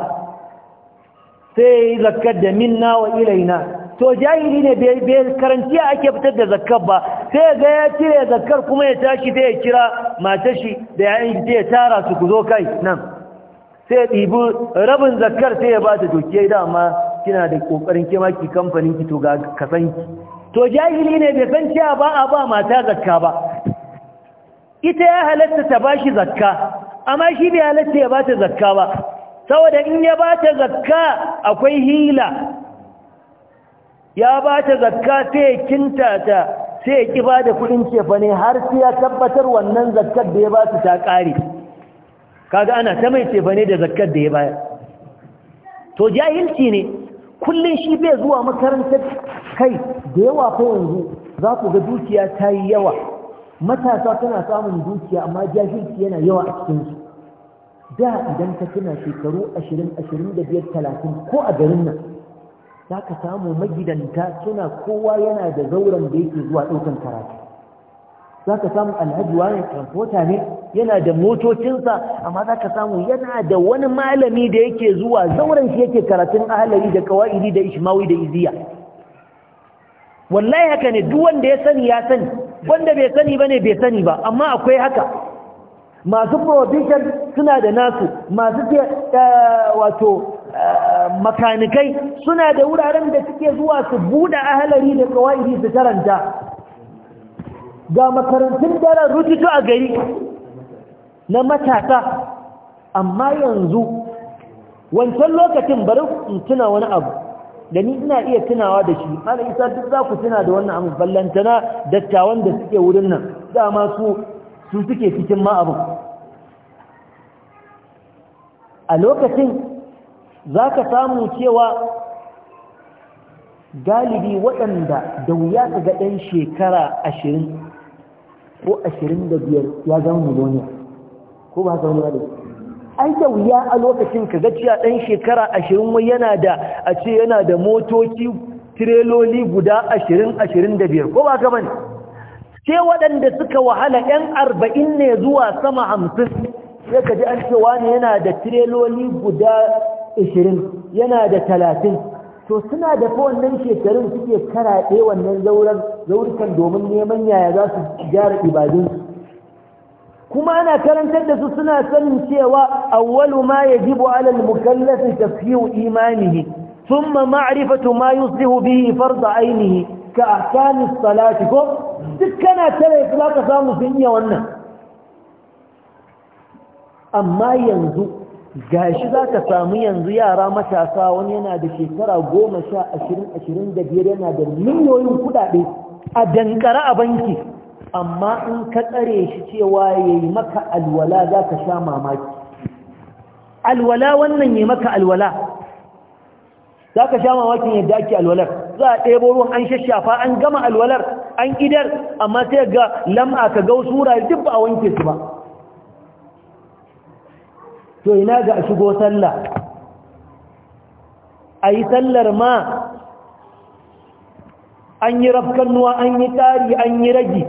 sai zakkar da minna wa ilaina to jahili ne bai karantiya ake fitar da zakkar ba sai ga ya cire zakkar kuma ya tashi sai ya kira matashi da yayin sai ya tara su ku zo kai nan sai ya ɗibi rabin zakkar sai ya ba ta doke dama kina da ƙoƙarin kemaki kamfanin ki to ga kasanki to jahili ne bai san cewa ba a ba mata zakka ba ita ya halatta ta ba shi zakka amma shi bai halatta ya ba ta zakka ba saboda in ya ba ta zakka akwai hila ya ba ta zakka sai kinta ta sai ki da kudin cefa ne har sai ya tabbatar wannan zakkar da ya su ta kare kaga ana ta mai cefa ne da zakkar da ya bayar to jahilci ne kullun shi bai zuwa makarantar kai da yawa fa yanzu za ku ga dukiya ta yi yawa matasa tana samun dukiya amma jahilci yana yawa a cikinsu da idan ka tuna shekaru ashirin ashirin da biyar talatin ko a garin nan za ka samu magidanta suna kowa yana da zauren da yake zuwa ɗaukan karatu za ka samu alhaji wani transporta ne yana da motocinsa amma za ka samu yana da wani malami da yake zuwa zauren shi yake karatun ahalari da kawai da ishmawi da iziya wallahi haka ne duk wanda ya sani ya sani wanda bai sani ba ne bai sani ba amma akwai haka masu provision suna da nasu masu eh, wato eh, makanikai suna da wuraren da suke zuwa su buɗe ahalari da kawai su karanta ga makarantun daren rujito a gari na matasa amma yanzu wancan lokacin bari tuna wani abu da ni ina iya tunawa da shi mala isa duk za ku tuna da wannan abu ballantana dattawan da suke wurin nan dama su su suke cikin ma abin a lokacin za ka samu cewa galibi waɗanda da wuya ka ga ɗan shekara ashirin ko ashirin da biyar ya zama miloniya ko ba zaune ba da ai da wuya a lokacin ka ga ɗan shekara ashirin wai yana da a ce yana da motoci tireloli guda da biyar ko ba ka bane sai waɗanda suka wahala yan arba'in ne zuwa sama hamsin. sai ka ji an ce wani yana da tireloli guda ashirin, yana da talatin. to suna da fa wannan shekarun suke karaɗe wannan zaurukan domin neman yaya za su gyara ibadunsu kuma ana karantar da su suna sanin cewa awwalu ma yajibu ala al-mukallafi tafhiu imanihi thumma ma'rifatu ma yuslihu bihi fard ainihi ka ahkam as-salati ko dukkana tare zaka samu sun iya wannan amma yanzu gashi zaka samu yanzu yara matasa wani yana da shekara goma ashirin da biyar yana da miliyoyin kudade a dankara a banki amma in ka tsare shi cewa yayi maka alwala za ka sha mamaki alwala wannan ya maka alwala za ka sha mamakin yadda ake alwalar za a ɗebo ruwan an shashafa an gama alwalar an idar amma sai ga lam'a ka gau sura duk ba a wanke su ba to ina ga a shigo sallah a yi sallar ma an yi rafkannuwa an yi tsari an yi ragi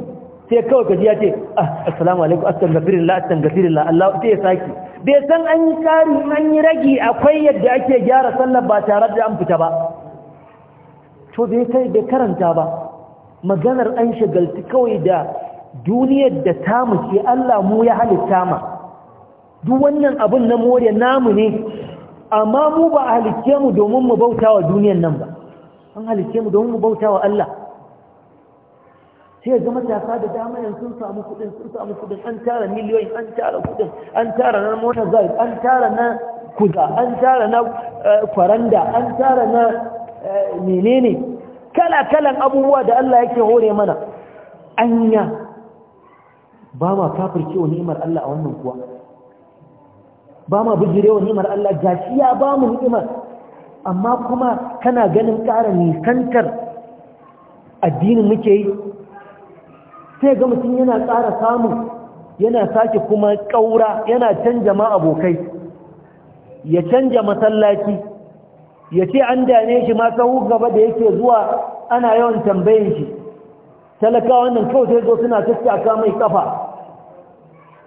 sai kawai kaji ya ce ah, assalamu alaikum gafirin la Allah sai ya saki bai san an yi kari an yi ragi akwai yadda ake gyara sallar ba tare da an fita ba to bai kai da karanta ba maganar an shagalti kawai da duniyar da tamu ce Allah mu ya halitta ma duk wannan abun na more namu ne amma mu ba a halicce mu domin mu bauta wa duniyar nan ba an halicce mu domin mu bauta wa Allah sai zama matasa da dama yanzu sun samu kuɗin sun samu kuɗin an tara miliyoyin an tara kuɗin an tara na mota zai an tara na kuza an tara na eh, kwaranda an tara na eh, menene kala-kalan abubuwa da Allah yake hore mana anya ba ma kafirce wa ni'imar Allah a wannan kuwa ba ma bijire wa ni'imar Allah gashiya ba mu ni'imar amma kuma kana ganin ƙara nisantar addinin muke yi sai ga mutum yana tsara samun yana sake kuma ƙaura yana canja ma abokai ya canja masallaci ya ce an dane shi ma sahu gaba da yake zuwa ana yawan tambayin shi talakawa nan kawai sai zo suna a mai kafa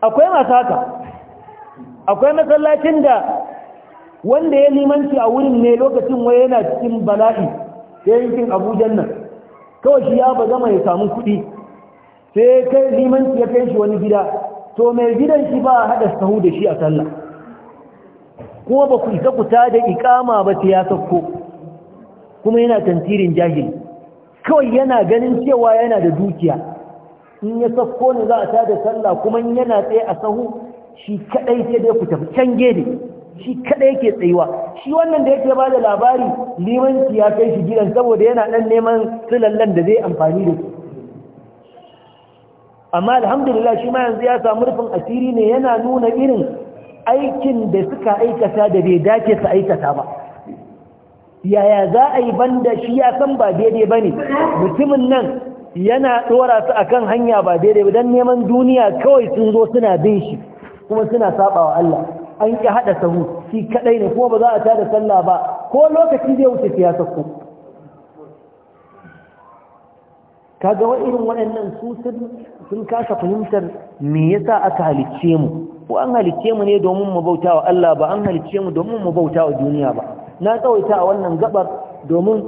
akwai masu haka akwai masallacin da wanda ya limanci a wurin ne lokacin wai yana cikin bala'i yankin abujan nan kawai shi ya ba zama ya samu kuɗi sai kai limanci ya kai shi wani gida to mai gidan shi ba a haɗa sahu da shi a sallah kuma ba ku isa ku ta da ikama ba sai ya sauko kuma yana tantirin jahili kawai yana ganin cewa yana da dukiya in ya sauko ne za a ta da sallah kuma yana tsaye a sahu shi kaɗai sai dai ku tafi can gede shi kaɗai yake tsayuwa shi wannan da yake ba da labari limanci ya kai shi gidan saboda yana ɗan neman sulallan da zai amfani da su amma alhamdulillah shi ma yanzu ya samu rufin asiri ne yana nuna irin aikin da suka aikata da bai dace su aikata ba yaya za a yi banda shi ya san ba daidai ba ne mutumin nan yana ɗora su a hanya ba daidai ba don neman duniya kawai sun zo suna bin shi kuma suna saba wa Allah an ƙi haɗa sahu shi kaɗai ne kuma ba za a tada sallah ba ko lokaci zai wuce siyasar ku kaga wa irin waɗannan su sun sun kasa fahimtar me yasa aka halicce mu ko an halicce mu ne domin mu bauta wa Allah ba an halicce mu domin mu bauta wa duniya ba na tsawaita a wannan gabar domin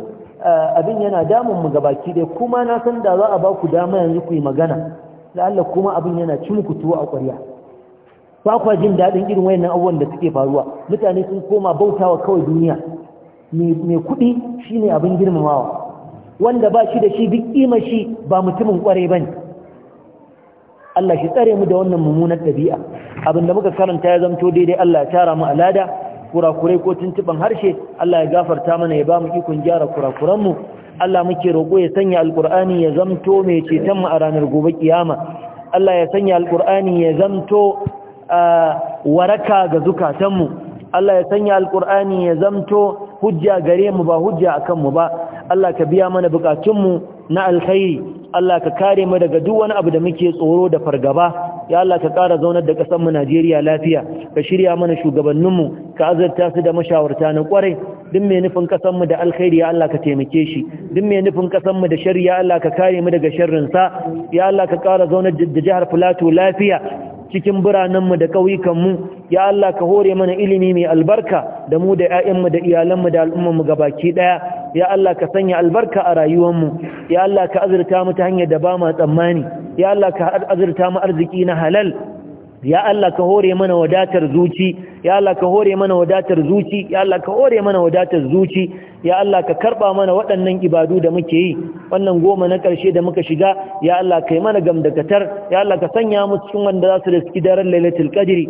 eh, abin yana damun mu gabaki dai kuma na san da za a ba ku dama yanzu ku yi magana Allah kuma abin yana ci muku tuwo a ƙwarya ba kwa jin daɗin irin wayannan abubuwan da suke faruwa mutane sun koma bautawa kawai duniya mai kuɗi shine abin girmamawa wanda ba shi da shi duk shi ba mutumin ƙwarai ba ne Allah shi tsare mu da wannan mummunar ɗabi'a abinda muka karanta ya zamto daidai Allah ya tara mu alada kurakurai ko tuntuban harshe Allah ya gafarta mana ya ba mu ikon gyara kurakuranmu Allah muke roƙo ya sanya alƙur'ani ya zamto mai ceton mu a ranar gobe kiyama Allah ya sanya alƙur'ani ya zamto waraka ga zukatanmu Allah ya sanya alƙur'ani ya zamto hujja gare mu ba hujja akan mu ba Allah ka biya mana mu na alkhairi Allah ka kare mu daga duk wani abu da muke tsoro da fargaba ya Allah ka ƙara zaunar da kasar mu Najeriya lafiya ka shirya mana shugabanninmu ka azurta su da mashawarta na kwarai duk mai nufin kasar mu da alkhairi ya Allah ka taimake shi duk mai nufin kasar mu da sharri ya Allah ka kare mu daga sharrin sa ya Allah ka ƙara zaunar da jihar Plateau lafiya cikin biranenmu da kauyukan mu ya Allah ka hore mana ilimi mai albarka da mu da 'ya'yanmu da iyalanmu da mu gabaki ɗaya ya Allah ka sanya albarka a rayuwanmu. ya Allah ka azurta mu ta hanyar da ba mu tsammani ya Allah ka azurta mu arziki na halal ya Allah ka hore mana wadatar zuci ya Allah ka hore mana wadatar zuci ya Allah ka hore mana wadatar zuci ya Allah ka karba mana waɗannan ibadu da muke yi wannan goma na ƙarshe da muka shiga ya Allah kai mana gamdakatar ya Allah ka sanya mu cikin wanda za su riski daren lailatul qadri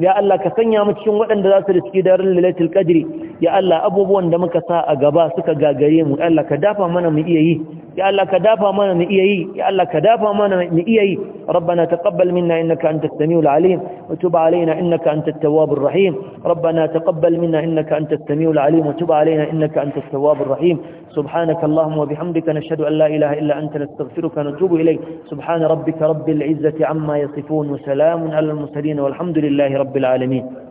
ya Allah ka sanya mu cikin waɗanda za su riski daren lalatul qadri ya Allah abubuwan da muka sa a gaba suka gagare mu Allah ka dafa mana mu iya yi ya Allah ka dafa mana na iya yi ya Allah ka dafa mana na iya yi rabbana taqabbal minna innaka antas samiul alim wa na alaina innaka antat tawwabur rahim rabbana taqabbal minna innaka antas samiul alim wa tub alaina innaka antat tawwabur rahim subhanaka allahumma wa bihamdika nashhadu an la illa anta nastaghfiruka wa natubu ilayk subhana rabbika rabbi izzati amma yasifun wa salamun alal mursalin walhamdulillahi rabbil